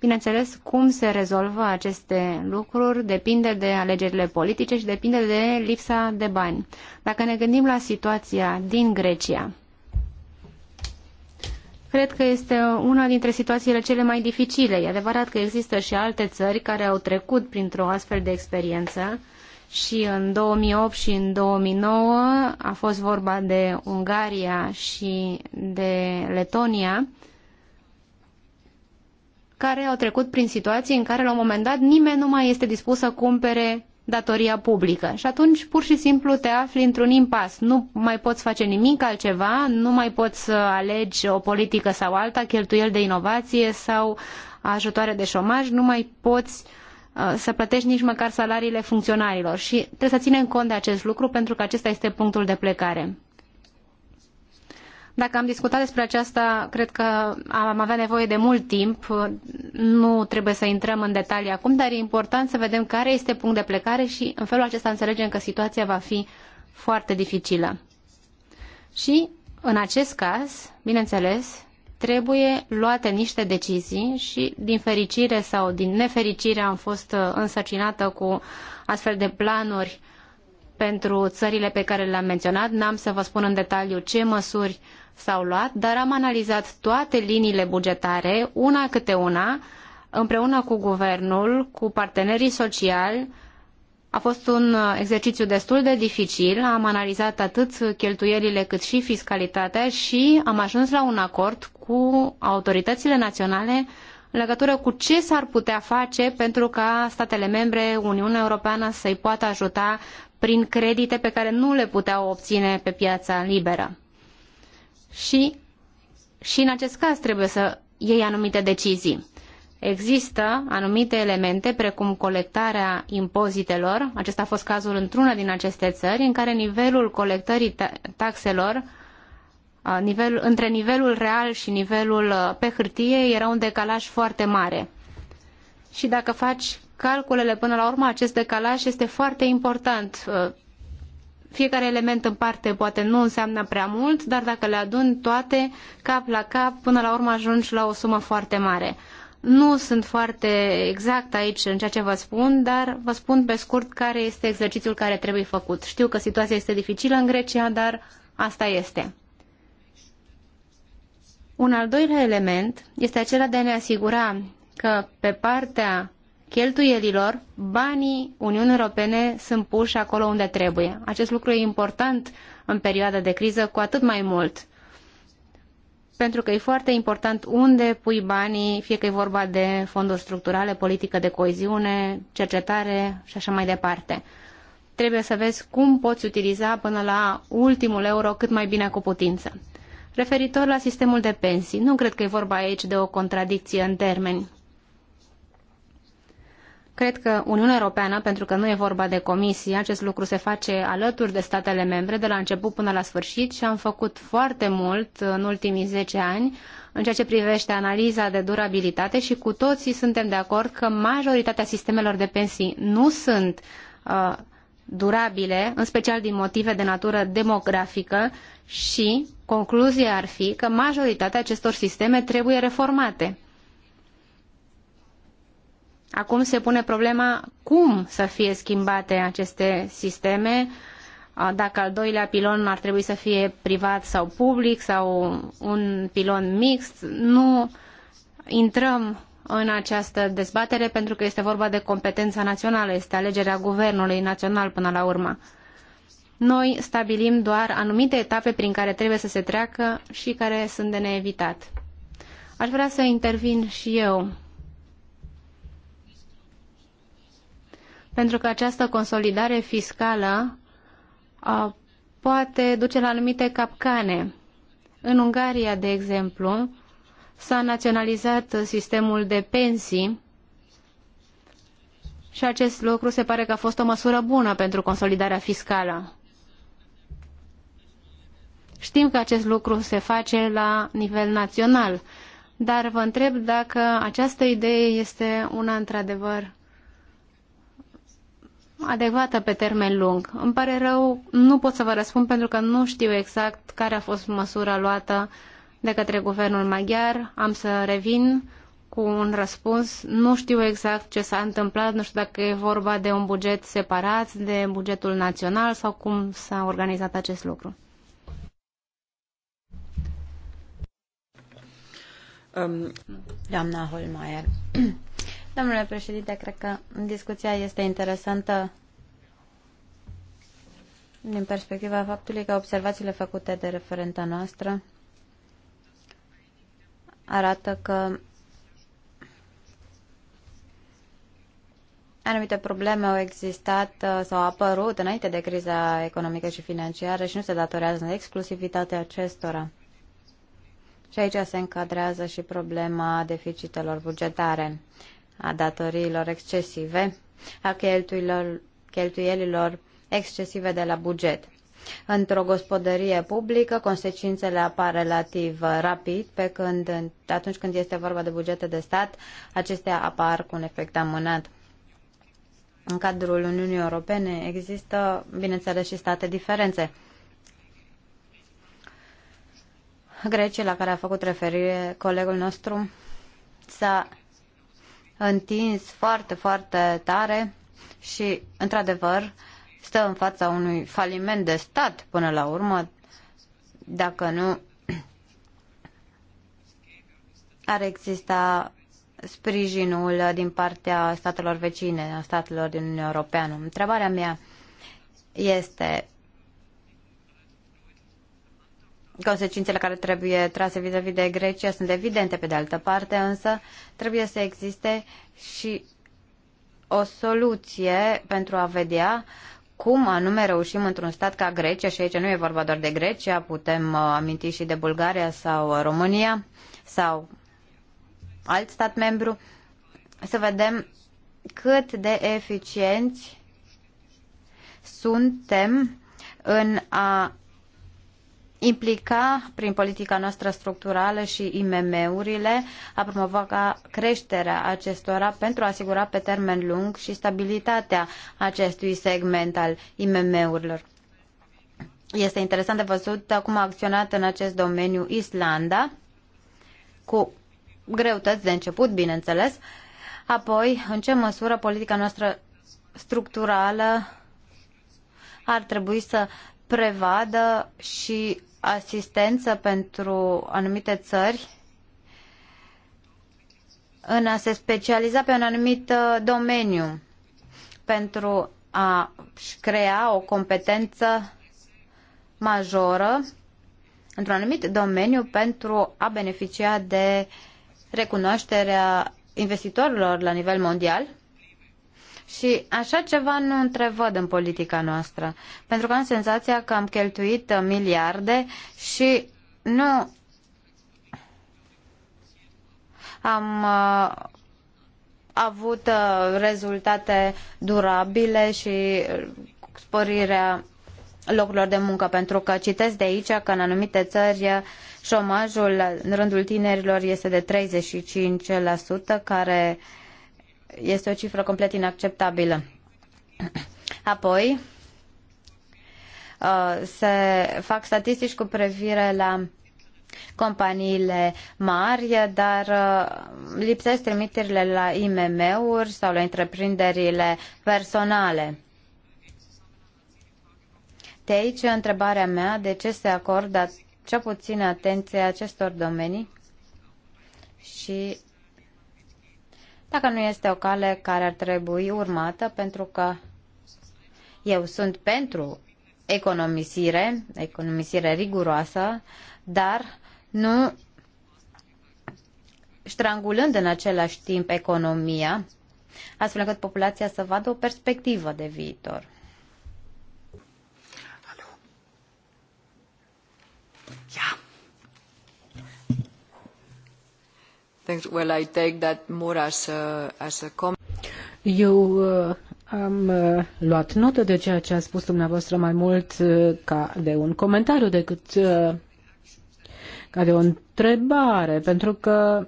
Bineînțeles, cum se rezolvă aceste lucruri depinde de alegerile politice și depinde de lipsa de bani. Dacă ne gândim la situația din Grecia, cred că este una dintre situațiile cele mai dificile. E adevărat că există și alte țări care au trecut printr-o astfel de experiență, și în 2008 și în 2009 a fost vorba de Ungaria și de Letonia, care au trecut prin situații în care la un moment dat nimeni nu mai este dispus să cumpere datoria publică. Și atunci pur și simplu te afli într-un impas. Nu mai poți face nimic altceva, nu mai poți să alegi o politică sau alta, cheltuieli de inovație sau ajutoare de șomaj, nu mai poți uh, Uh, să plătești nici măcar salariile funcționarilor și trebuie să ținem cont de acest lucru pentru că acesta este punctul de plecare. Dacă am discutat despre aceasta, cred că am avea nevoie de mult timp. Nu trebuie să intrăm în detalii acum, dar e important să vedem care este punct de plecare și în felul acesta înțelegem că situația va fi foarte dificilă. Și, în acest caz, bineînțeles, trebuie luate niște decizii și, din fericire sau din nefericire, am fost uh, însărcinată cu astfel de planuri pentru țările pe care le-am menționat. N-am să vă spun în detaliu ce măsuri s-au luat, dar am analizat toate liniile bugetare, una câte una, împreună cu guvernul, cu partenerii sociali, a fost un uh, exercițiu destul de dificil, am analizat atât cheltuielile cât și fiscalitatea și am ajuns la un acord cu autoritățile naționale în legătură cu ce s-ar putea face pentru ca statele membre, Uniunea Europeană să-i poată ajuta prin credite pe care nu le puteau obține pe piața liberă. Și, și în acest caz trebuie să iei anumite decizii. Există anumite elemente, precum colectarea impozitelor, acesta a fost cazul într-una din aceste țări, în care nivelul colectării taxelor nivel, între nivelul real și nivelul pe hârtie era un decalaj foarte mare. Și dacă faci calculele până la urmă, acest decalaj este foarte important. Fiecare element în parte poate nu înseamnă prea mult, dar dacă le aduni toate cap la cap, până la urmă ajungi la o sumă foarte mare. Nu sunt foarte exact aici în ceea ce vă spun, dar vă spun pe scurt care este exercițiul care trebuie făcut. Știu că situația este dificilă în Grecia, dar asta este. Un al doilea element este acela de a ne asigura că pe partea cheltuielilor, banii Uniunii Europene sunt puși acolo unde trebuie. Acest lucru e important în perioada de criză cu atât mai mult pentru că e foarte important unde pui banii, fie că e vorba de fonduri structurale, politică de coeziune, cercetare și așa mai departe. Trebuie să vezi cum poți utiliza până la ultimul euro cât mai bine cu putință. Referitor la sistemul de pensii, nu cred că e vorba aici de o contradicție în termeni. Cred că Uniunea Europeană, pentru că nu e vorba de comisie, acest lucru se face alături de statele membre, de la început până la sfârșit și am făcut foarte mult în ultimii zece ani în ceea ce privește analiza de durabilitate și cu toții suntem de acord că majoritatea sistemelor de pensii nu sunt uh, durabile, în special din motive de natură demografică și concluzia ar fi că majoritatea acestor sisteme trebuie reformate. Acum se pune problema cum să fie schimbate aceste sisteme, dacă al doilea pilon ar trebui să fie privat sau public sau un pilon mixt. Nu intrăm în această dezbatere pentru că este vorba de competența națională, este alegerea guvernului național până la urmă. Noi stabilim doar anumite etape prin care trebuie să se treacă și care sunt de neevitat. Aș vrea să intervin și eu pentru că această consolidare fiscală a, poate duce la anumite capcane. În Ungaria, de exemplu, s-a naționalizat sistemul de pensii și acest lucru se pare că a fost o măsură bună pentru consolidarea fiscală. Știm că acest lucru se face la nivel național, dar vă întreb dacă această idee este una într-adevăr adecvată pe termen lung. Îmi pare rău, nu pot să vă răspund pentru că nu știu exact care a fost măsura luată de către guvernul maghiar. Am să revin cu un răspuns. Nu știu exact ce s-a întâmplat, nu știu dacă e vorba de un buget separat, de bugetul național sau cum s-a organizat acest lucru. Um, doamna Holmeier, Domnule președinte, cred că discuția este interesantă din perspectiva faptului că observațiile făcute de referenta noastră arată că anumite probleme au existat uh, sau au apărut înainte de criza economică și financiară și nu se datorează exclusivitatea acestora. Și aici se încadrează și problema deficitelor bugetare a datoriilor excesive, a cheltuielilor, cheltuielilor excesive de la buget. Într-o gospodărie publică, consecințele apar relativ rapid, pe când atunci când este vorba de bugete de stat, acestea apar cu un efect amânat. În cadrul Uniunii Europene există, bineînțeles, și state diferențe. Grecia, la care a făcut referire colegul nostru, s-a întins foarte, foarte tare și, într-adevăr, stă în fața unui faliment de stat până la urmă, dacă nu ar exista sprijinul din partea statelor vecine, a statelor din Uniunea Europeană. Întrebarea mea este consecințele care trebuie trase vis-a-vis -vis de Grecia sunt evidente pe de altă parte, însă trebuie să existe și o soluție pentru a vedea cum anume reușim într-un stat ca Grecia, și aici nu e vorba doar de Grecia, putem uh, aminti și de Bulgaria sau uh, România sau alt stat membru, să vedem cât de eficienți suntem în a implica prin politica noastră structurală și IMM-urile a promova creșterea acestora pentru a asigura pe termen lung și stabilitatea acestui segment al IMM-urilor. Este interesant de văzut cum a acționat în acest domeniu Islanda, cu greutăți de început, bineînțeles, apoi în ce măsură politica noastră structurală ar trebui să prevadă și asistență pentru anumite țări în a se specializa pe un anumit uh, domeniu pentru a crea o competență majoră într-un anumit domeniu pentru a beneficia de recunoașterea investitorilor la nivel mondial și așa ceva nu întrevăd în politica noastră, pentru că am senzația că am cheltuit miliarde și nu am uh, avut uh, rezultate durabile și uh, sporirea locurilor de muncă, pentru că citesc de aici că în anumite țări uh, șomajul în rândul tinerilor este de 35%, care uh, este o cifră complet inacceptabilă. Apoi, uh, se fac statistici cu privire la companiile mari, dar uh, lipsesc trimiterile la IMM-uri sau la întreprinderile personale. De aici întrebarea mea, de ce se acordă cea puțină atenție acestor domenii și dacă nu este o cale care ar trebui urmată, pentru că eu sunt pentru economisire, economisire riguroasă, dar nu strangulând în același timp economia, astfel încât populația să vadă o perspectivă de viitor. Alo. Ja. Eu am luat notă de ceea ce a spus dumneavoastră mai mult uh, ca de un comentariu decât uh, ca de o întrebare, pentru că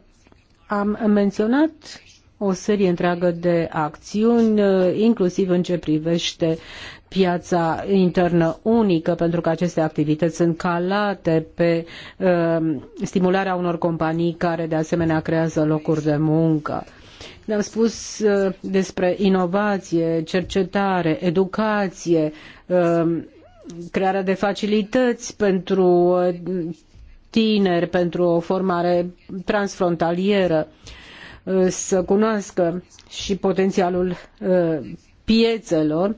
am menționat o serie întreagă de acțiuni, uh, inclusiv în ce privește piața internă unică, pentru că aceste activități sunt calate pe uh, stimularea unor companii care de asemenea creează locuri de muncă. Ne-am spus uh, despre inovație, cercetare, educație, uh, crearea de facilități pentru uh, tineri, pentru o formare transfrontalieră, uh, să cunoască și potențialul uh, piețelor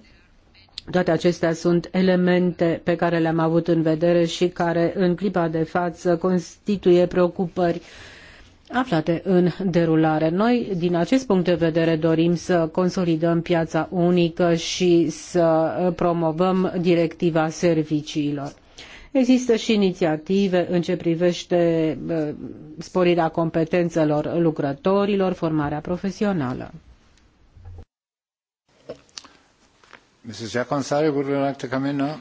toate acestea sunt elemente pe care le-am avut în vedere și care în clipa de față constituie preocupări aflate în derulare. Noi, din acest punct de vedere, dorim să consolidăm piața unică și să promovăm directiva serviciilor. Există și inițiative în ce privește uh, sporirea competențelor lucrătorilor, formarea profesională. Mrs. Jaconsari, would you like to come in now?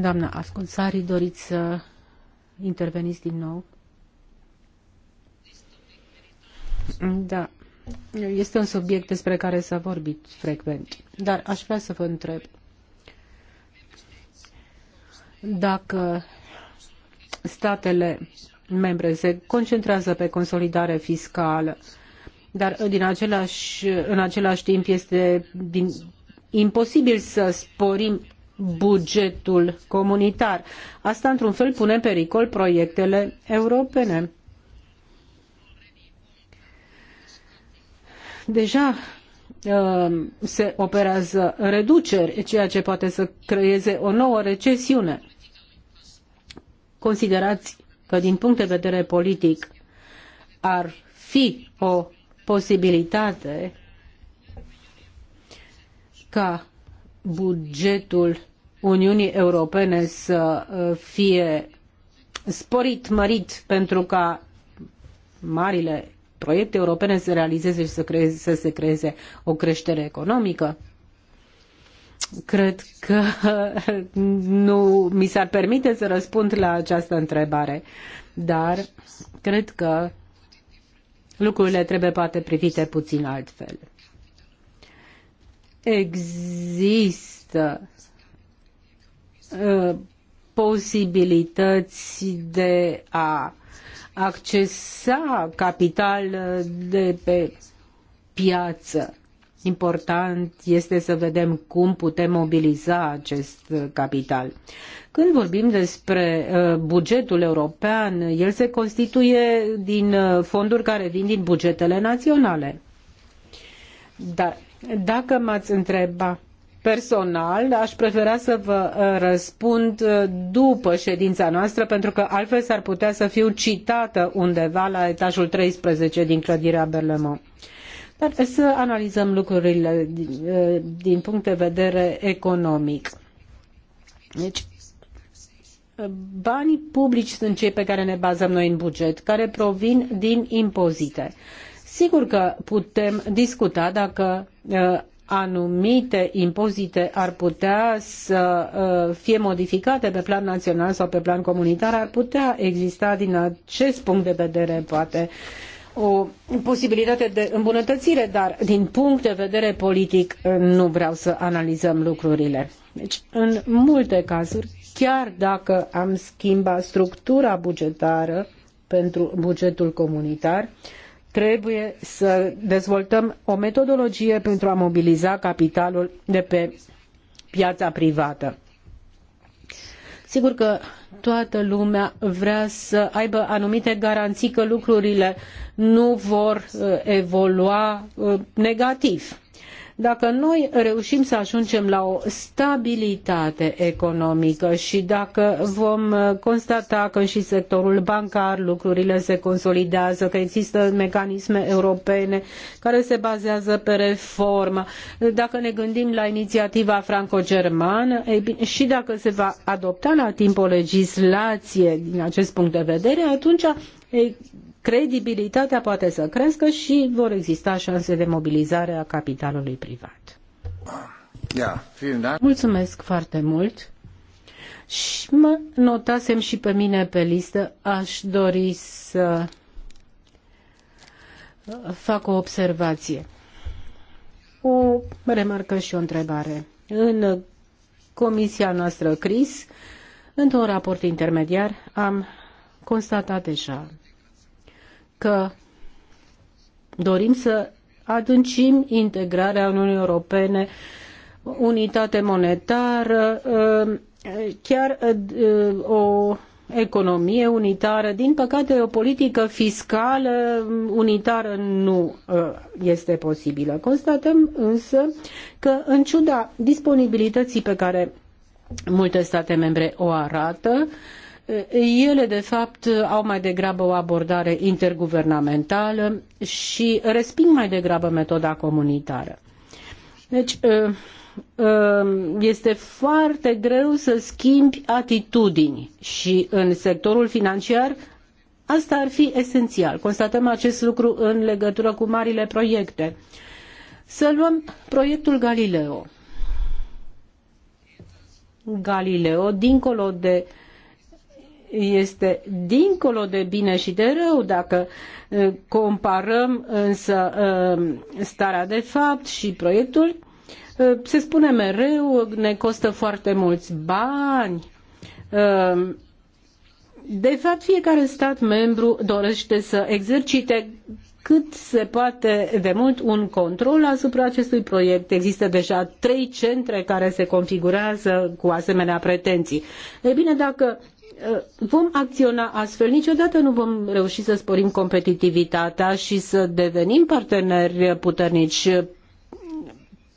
Doamna Ascunsari, doriți să interveniți din nou? Da. Este un subiect despre care s-a vorbit frecvent, dar aș vrea să vă întreb dacă statele membre se concentrează pe consolidare fiscală, dar din același, în același timp este din imposibil să sporim bugetul comunitar. Asta, într-un fel, pune în pericol proiectele europene. Deja uh, se operează reduceri, ceea ce poate să creeze o nouă recesiune. Considerați că din punct de vedere politic ar fi o posibilitate ca bugetul Uniunii Europene să uh, fie sporit, mărit pentru ca marile proiecte europene să realizeze și să, creeze, să se creeze o creștere economică. Cred că nu mi s-ar permite să răspund la această întrebare, dar cred că lucrurile trebuie poate privite puțin altfel există uh, posibilități de a accesa capital de pe piață. Important este să vedem cum putem mobiliza acest capital. Când vorbim despre uh, bugetul european, el se constituie din uh, fonduri care vin din bugetele naționale. Dar dacă m-ați întreba personal, aș prefera să vă uh, răspund uh, după ședința noastră, pentru că altfel s-ar putea să fiu citată undeva la etajul 13 din clădirea Berlemont. Dar să analizăm lucrurile uh, din punct de vedere economic. Deci, banii publici sunt cei pe care ne bazăm noi în buget, care provin din impozite. Sigur că putem discuta dacă uh, anumite impozite ar putea să uh, fie modificate pe plan național sau pe plan comunitar, ar putea exista din acest punct de vedere poate o posibilitate de îmbunătățire, dar din punct de vedere politic uh, nu vreau să analizăm lucrurile. Deci, în multe cazuri, chiar dacă am schimbat structura bugetară pentru bugetul comunitar, uh, Trebuie să dezvoltăm o metodologie pentru a mobiliza capitalul de pe piața privată. Sigur că toată lumea vrea să aibă anumite garanții că lucrurile nu vor uh, evolua uh, negativ. Dacă noi reușim să ajungem la o stabilitate economică și dacă vom constata că și sectorul bancar lucrurile se consolidează, că există mecanisme europene care se bazează pe reformă, dacă ne gândim la inițiativa franco-germană, și dacă se va adopta la timp o legislație din acest punct de vedere, atunci credibilitatea poate să crească și vor exista șanse de mobilizare a capitalului privat. Yeah, Mulțumesc foarte mult. Și mă notasem și pe mine pe listă. Aș dori să fac o observație. O remarcă și o întrebare. În comisia noastră CRIS, într-un raport intermediar, am constatat deja că dorim să adâncim integrarea Uniunii Europene, unitate monetară, uh, chiar uh, o economie unitară. Din păcate, o politică fiscală unitară nu uh, este posibilă. Constatăm însă că, în ciuda disponibilității pe care multe state membre o arată, ele de fapt au mai degrabă o abordare interguvernamentală și resping mai degrabă metoda comunitară. Deci ă, ă, este foarte greu să schimbi atitudini și în sectorul financiar asta ar fi esențial. Constatăm acest lucru în legătură cu marile proiecte. Să luăm proiectul Galileo. Galileo, dincolo de uh, este dincolo de bine și de rău dacă comparăm însă starea de fapt și proiectul. Se spune mereu, ne costă foarte mulți bani. De fapt, fiecare stat membru dorește să exercite cât se poate de mult un control asupra acestui proiect. Există deja trei centre care se configurează cu asemenea pretenții. E bine, dacă Uh, vom acționa astfel, niciodată nu vom reuși să sporim competitivitatea și să devenim parteneri puternici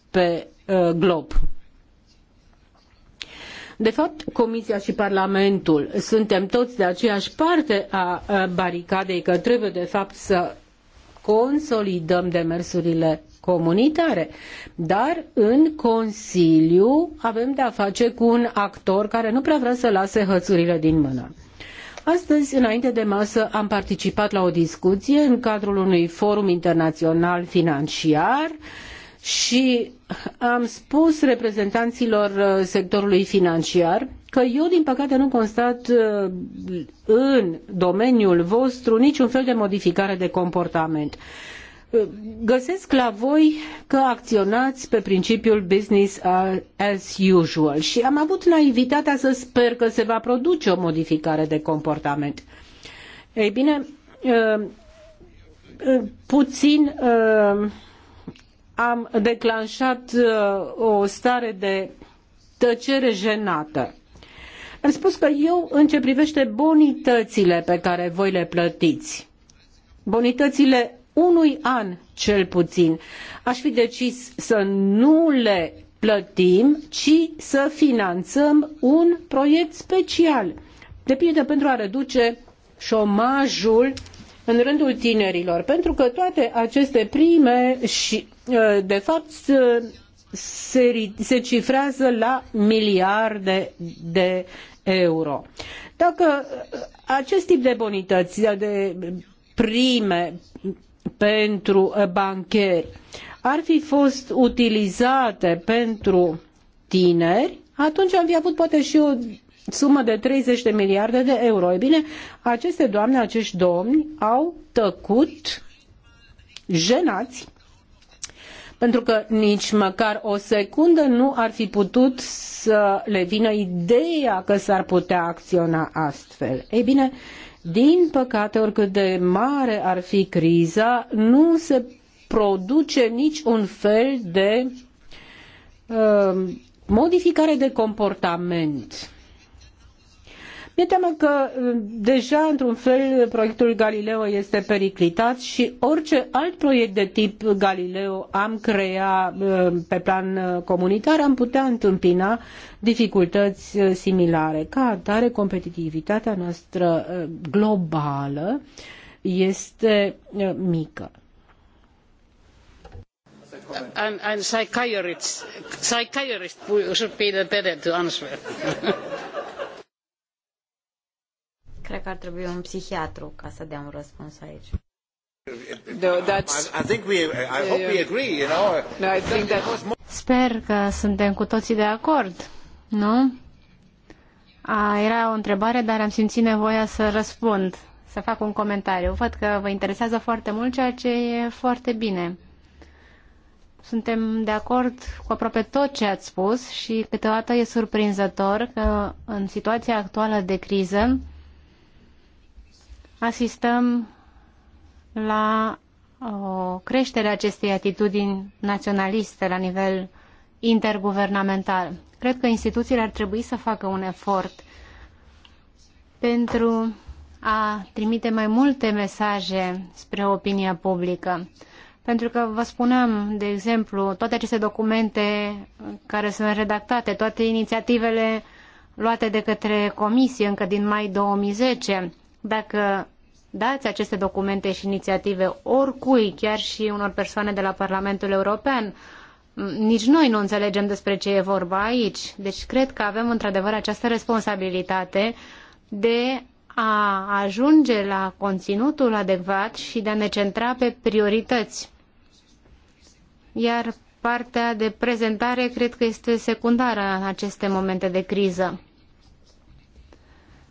pe uh, glob. De fapt, Comisia și Parlamentul suntem toți de aceeași parte a uh, baricadei, că trebuie de fapt să consolidăm demersurile comunitare. Dar în Consiliu avem de-a face cu un actor care nu prea vrea să lase hățurile din mână. Astăzi, înainte de masă, am participat la o discuție în cadrul unui forum internațional financiar și am spus reprezentanților uh, sectorului financiar că eu, din păcate, nu constat uh, în domeniul vostru niciun fel de modificare de comportament găsesc la voi că acționați pe principiul business uh, as usual și am avut naivitatea să sper că se va produce o modificare de comportament. Ei bine, uh, uh, puțin am declanșat o stare de tăcere jenată. Am spus că eu, în ce privește bonitățile pe care voi le plătiți, bonitățile unui an cel puțin. Aș fi decis să nu le plătim, ci să finanțăm un proiect special. De pildă pentru a reduce șomajul în rândul tinerilor, pentru că toate aceste prime și ă, de fapt ă, se, se cifrează la miliarde de euro. Dacă ă, acest tip de bonități, de prime pentru bancheri ar fi fost utilizate pentru tineri, atunci am fi avut poate și o sumă de 30 de miliarde de euro. E bine, aceste doamne, acești domni au tăcut jenați pentru că nici măcar o secundă nu ar fi putut să le vină ideea că s-ar putea acționa astfel. Ei bine, din păcate, oricât de mare ar fi criza, nu se produce nici un fel de uh, modificare de comportament mi-e teamă că uh, deja, într-un fel, proiectul Galileo este periclitat și orice alt proiect de tip Galileo am crea uh, pe plan uh, comunitar, am putea întâmpina dificultăți similare. Ca atare, competitivitatea noastră globală este mică. And, and psychiatrists, psychiatrists should be the better to answer. Cred că ar trebui un psihiatru ca să dea un răspuns aici. Sper că suntem cu toții de acord, nu? A, era o întrebare, dar am simțit nevoia să răspund, să fac un comentariu. Văd că vă interesează foarte mult, ceea ce e foarte bine. Suntem de acord cu aproape tot ce ați spus și câteodată e surprinzător că în situația actuală de criză, asistăm la o creștere a acestei atitudini naționaliste la nivel interguvernamental. Cred că instituțiile ar trebui să facă un efort pentru a trimite mai multe mesaje spre opinia publică. Pentru că vă spuneam, de exemplu, toate aceste documente care sunt redactate, toate inițiativele luate de către Comisie încă din mai 2010, dacă dați aceste documente și inițiative oricui, chiar și unor persoane de la Parlamentul European, nici noi nu înțelegem despre ce e vorba aici. Deci cred că avem într-adevăr această responsabilitate de a ajunge la conținutul adecvat și de a ne centra pe priorități. Iar partea de prezentare cred că este secundară în aceste momente de criză.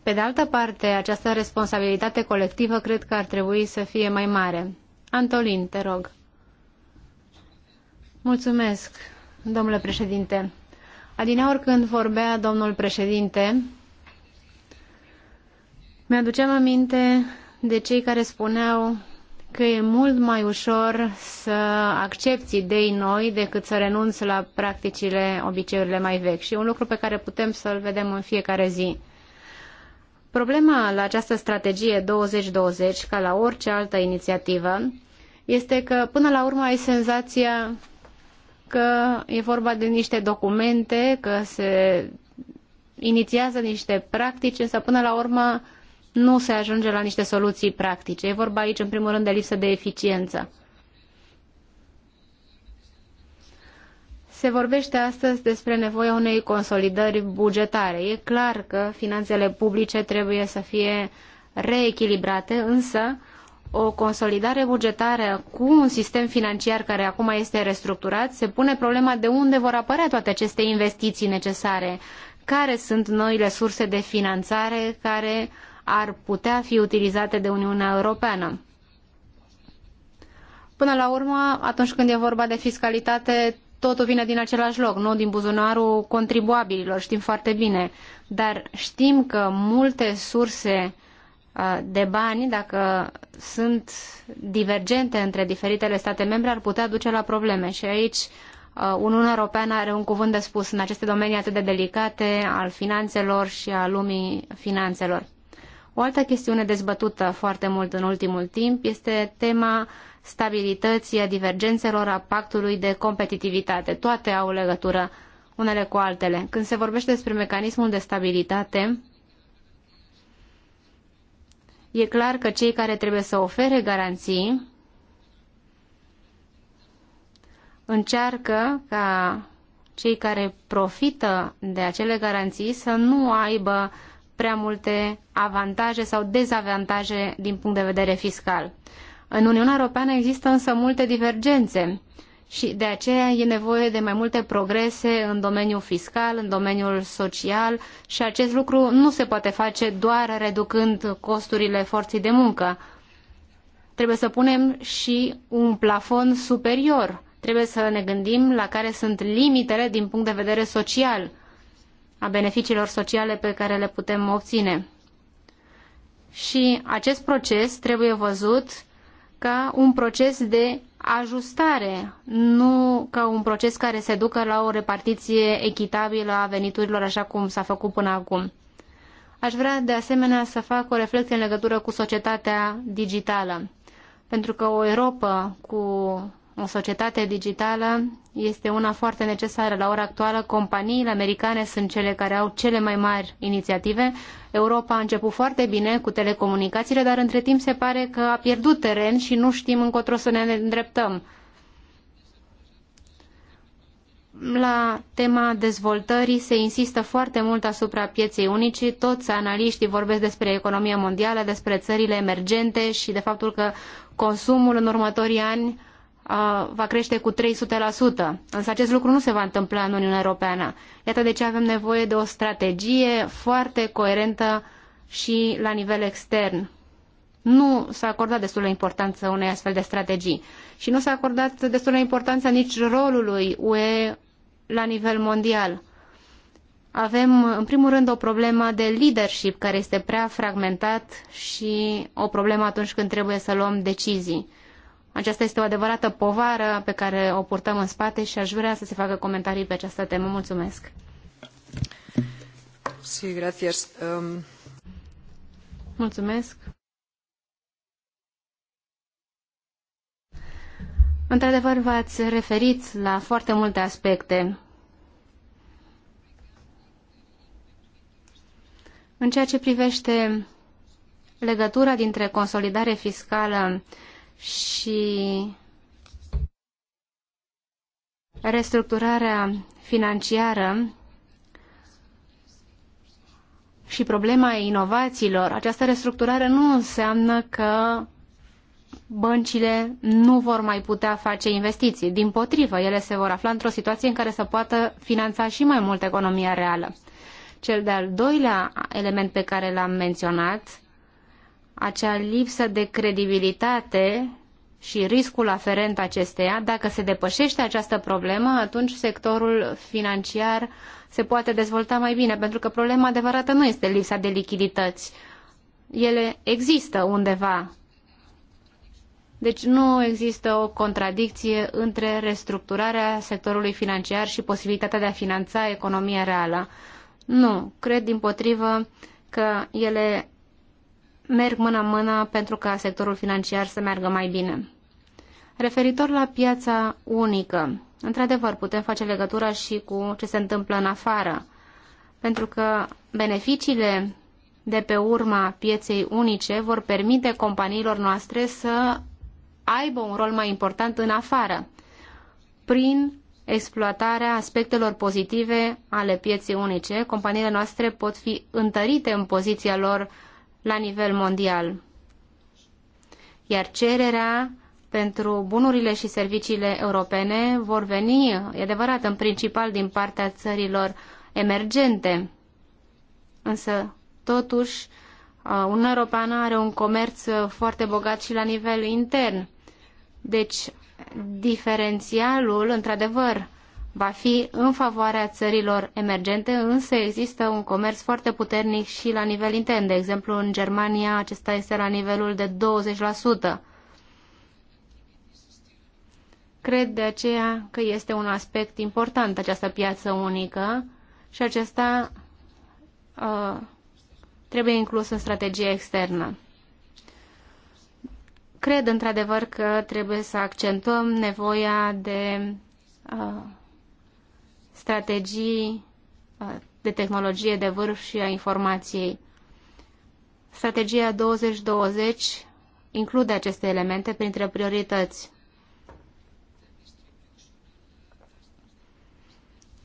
Pe de altă parte, această responsabilitate colectivă cred că ar trebui să fie mai mare. Antolin, te rog. Mulțumesc, domnule președinte. Adineori când vorbea domnul președinte, mi-aduceam aminte de cei care spuneau că e mult mai ușor să accepti idei noi decât să renunți la practicile, obiceiurile mai vechi. Și e un lucru pe care putem să-l vedem în fiecare zi. Problema la această strategie 2020, ca la orice altă inițiativă, este că până la urmă ai senzația că e vorba de niște documente, că se inițiază niște practici, însă până la urmă nu se ajunge la niște soluții practice. E vorba aici, în primul rând, de lipsă de eficiență. Se vorbește astăzi despre nevoia unei consolidări bugetare. E clar că finanțele publice trebuie să fie reechilibrate, însă o consolidare bugetară cu un sistem financiar care acum este restructurat, se pune problema de unde vor apărea toate aceste investiții necesare, care sunt noile surse de finanțare care ar putea fi utilizate de Uniunea Europeană. Până la urmă, atunci când e vorba de fiscalitate, totul vine din același loc, nu din buzunarul contribuabililor, știm foarte bine. Dar știm că multe surse de bani, dacă sunt divergente între diferitele state membre, ar putea duce la probleme. Și aici Uniunea Europeană are un cuvânt de spus în aceste domenii atât de delicate, al finanțelor și a lumii finanțelor. O altă chestiune dezbătută foarte mult în ultimul timp este tema uh, stabilității, a divergențelor, a pactului de competitivitate. Toate au legătură unele cu altele. Când se vorbește despre mecanismul de stabilitate, e clar că cei care trebuie să ofere garanții încearcă ca cei care profită de acele garanții să nu aibă prea multe avantaje sau dezavantaje din punct de vedere fiscal. În Uniunea Europeană există însă multe divergențe și de aceea e nevoie de mai multe progrese în domeniul fiscal, în domeniul social și acest lucru nu se poate face doar reducând costurile forței de muncă. Trebuie să punem și un plafon superior. Trebuie să ne gândim la care sunt limitele din punct de vedere social a beneficiilor sociale pe care le putem obține. Și acest proces trebuie văzut ca un proces de ajustare, nu ca un proces care se ducă la o repartiție echitabilă a veniturilor așa cum s-a făcut până acum. Aș vrea de asemenea să fac o reflexie în legătură cu societatea digitală, pentru că o Europa cu o societate digitală este una foarte necesară. La ora actuală, companiile americane sunt cele care au cele mai mari inițiative. Europa a început foarte bine cu telecomunicațiile, dar între timp se pare că a pierdut teren și nu știm încotro să ne îndreptăm. La tema dezvoltării se insistă foarte mult asupra pieței unice. Toți analiștii vorbesc despre economia mondială, despre țările emergente și de faptul că consumul în următorii ani va crește cu 300%. Însă acest lucru nu se va întâmpla în Uniunea Europeană. Iată de ce avem nevoie de o strategie foarte coerentă și la nivel extern. Nu s-a acordat destulă importanță unei astfel de strategii și nu s-a acordat destulă importanță nici rolului UE la nivel mondial. Avem, în primul rând, o problemă de leadership care este prea fragmentat și o problemă atunci când trebuie să luăm decizii. Aceasta este o adevărată povară pe care o purtăm în spate și aș vrea să se facă comentarii pe această temă. Mulțumesc! Sí, gracias. Um... Mulțumesc! Într-adevăr, v-ați referit la foarte multe aspecte. În ceea ce privește legătura dintre consolidare fiscală și restructurarea financiară și problema inovațiilor, această restructurare nu înseamnă că băncile nu vor mai putea face investiții. Din potrivă, ele se vor afla într-o situație în care să poată finanța și mai mult economia reală. Cel de-al doilea element pe care l-am menționat acea lipsă de credibilitate și riscul aferent acesteia, dacă se depășește această problemă, atunci sectorul financiar se poate dezvolta mai bine, pentru că problema adevărată nu este lipsa de lichidități. Ele există undeva. Deci nu există o contradicție între restructurarea sectorului financiar și posibilitatea de a finanța economia reală. Nu, cred din potrivă că ele merg mână-mână pentru ca sectorul financiar să meargă mai bine. Referitor la piața unică, într-adevăr, putem face legătura și cu ce se întâmplă în afară, pentru că beneficiile de pe urma pieței unice vor permite companiilor noastre să aibă un rol mai important în afară, prin exploatarea aspectelor pozitive ale pieței unice, companiile noastre pot fi întărite în poziția lor la nivel mondial. Iar cererea pentru bunurile și serviciile europene vor veni, e adevărat, în principal din partea țărilor emergente. Însă, totuși, uh, Uniunea Europeană are un comerț uh, foarte bogat și la nivel intern. Deci, diferențialul, într-adevăr, va fi în favoarea țărilor emergente, însă există un comerț foarte puternic și la nivel intern. De exemplu, în Germania acesta este la nivelul de 20%. Cred de aceea că este un aspect important această piață unică și acesta uh, trebuie inclus în strategia externă. Cred într-adevăr că trebuie să accentuăm nevoia de uh, strategii uh, de tehnologie de vârf și a informației. Strategia 2020 include aceste elemente printre priorități.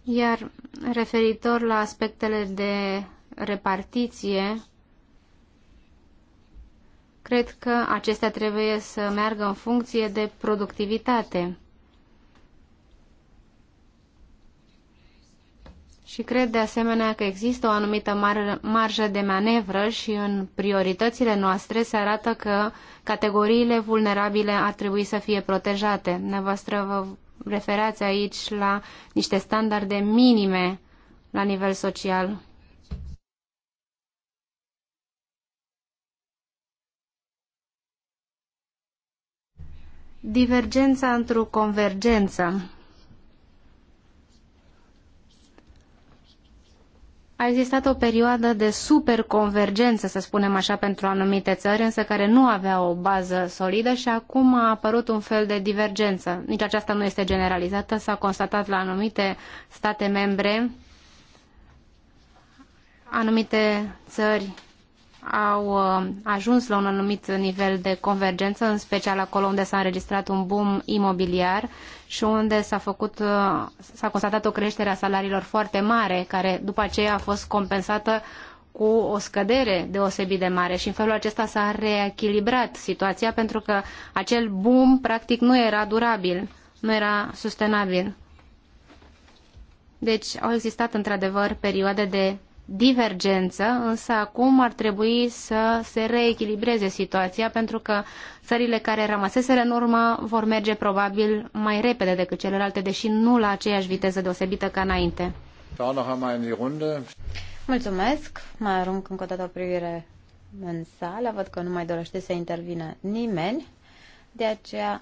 Iar referitor la aspectele de repartiție, cred că acestea trebuie să meargă în funcție de productivitate. Și cred de asemenea că există o anumită mar- marjă de manevră și în prioritățile noastre se arată că categoriile vulnerabile ar trebui să fie protejate. Ne vă referați aici la niște standarde minime la nivel social. Divergența într-o convergență. a existat o perioadă de superconvergență, să spunem așa, pentru anumite țări, însă care nu avea o bază solidă și acum a apărut un fel de divergență. Nici aceasta nu este generalizată, s-a constatat la anumite state membre, anumite țări au uh, ajuns la un anumit nivel de convergență, în special acolo unde s-a înregistrat un boom imobiliar și unde s-a făcut, uh, s-a constatat o creștere a salariilor foarte mare, care după aceea a fost compensată cu o scădere deosebit de mare și în felul acesta s-a reechilibrat situația pentru că acel boom practic nu era durabil, nu era sustenabil. Deci au existat într-adevăr perioade de divergență, însă acum ar trebui să se reechilibreze situația pentru că țările care rămăseseră în urmă vor merge probabil mai repede decât celelalte, deși nu la aceeași viteză deosebită ca înainte. Da, Mulțumesc. Mai arunc încă o dată o privire în sală. Văd că nu mai dorește să intervină nimeni. De aceea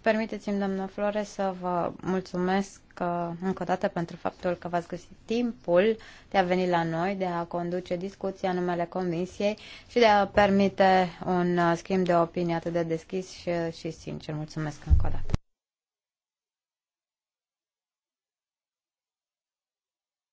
Permiteți-mi, doamnă Flore, să vă mulțumesc uh, încă o dată pentru faptul că v-ați găsit timpul de a veni la noi, de a conduce discuția numele Comisiei și de a permite un uh, schimb de opinie atât de deschis și, uh, și sincer. Mulțumesc încă o dată.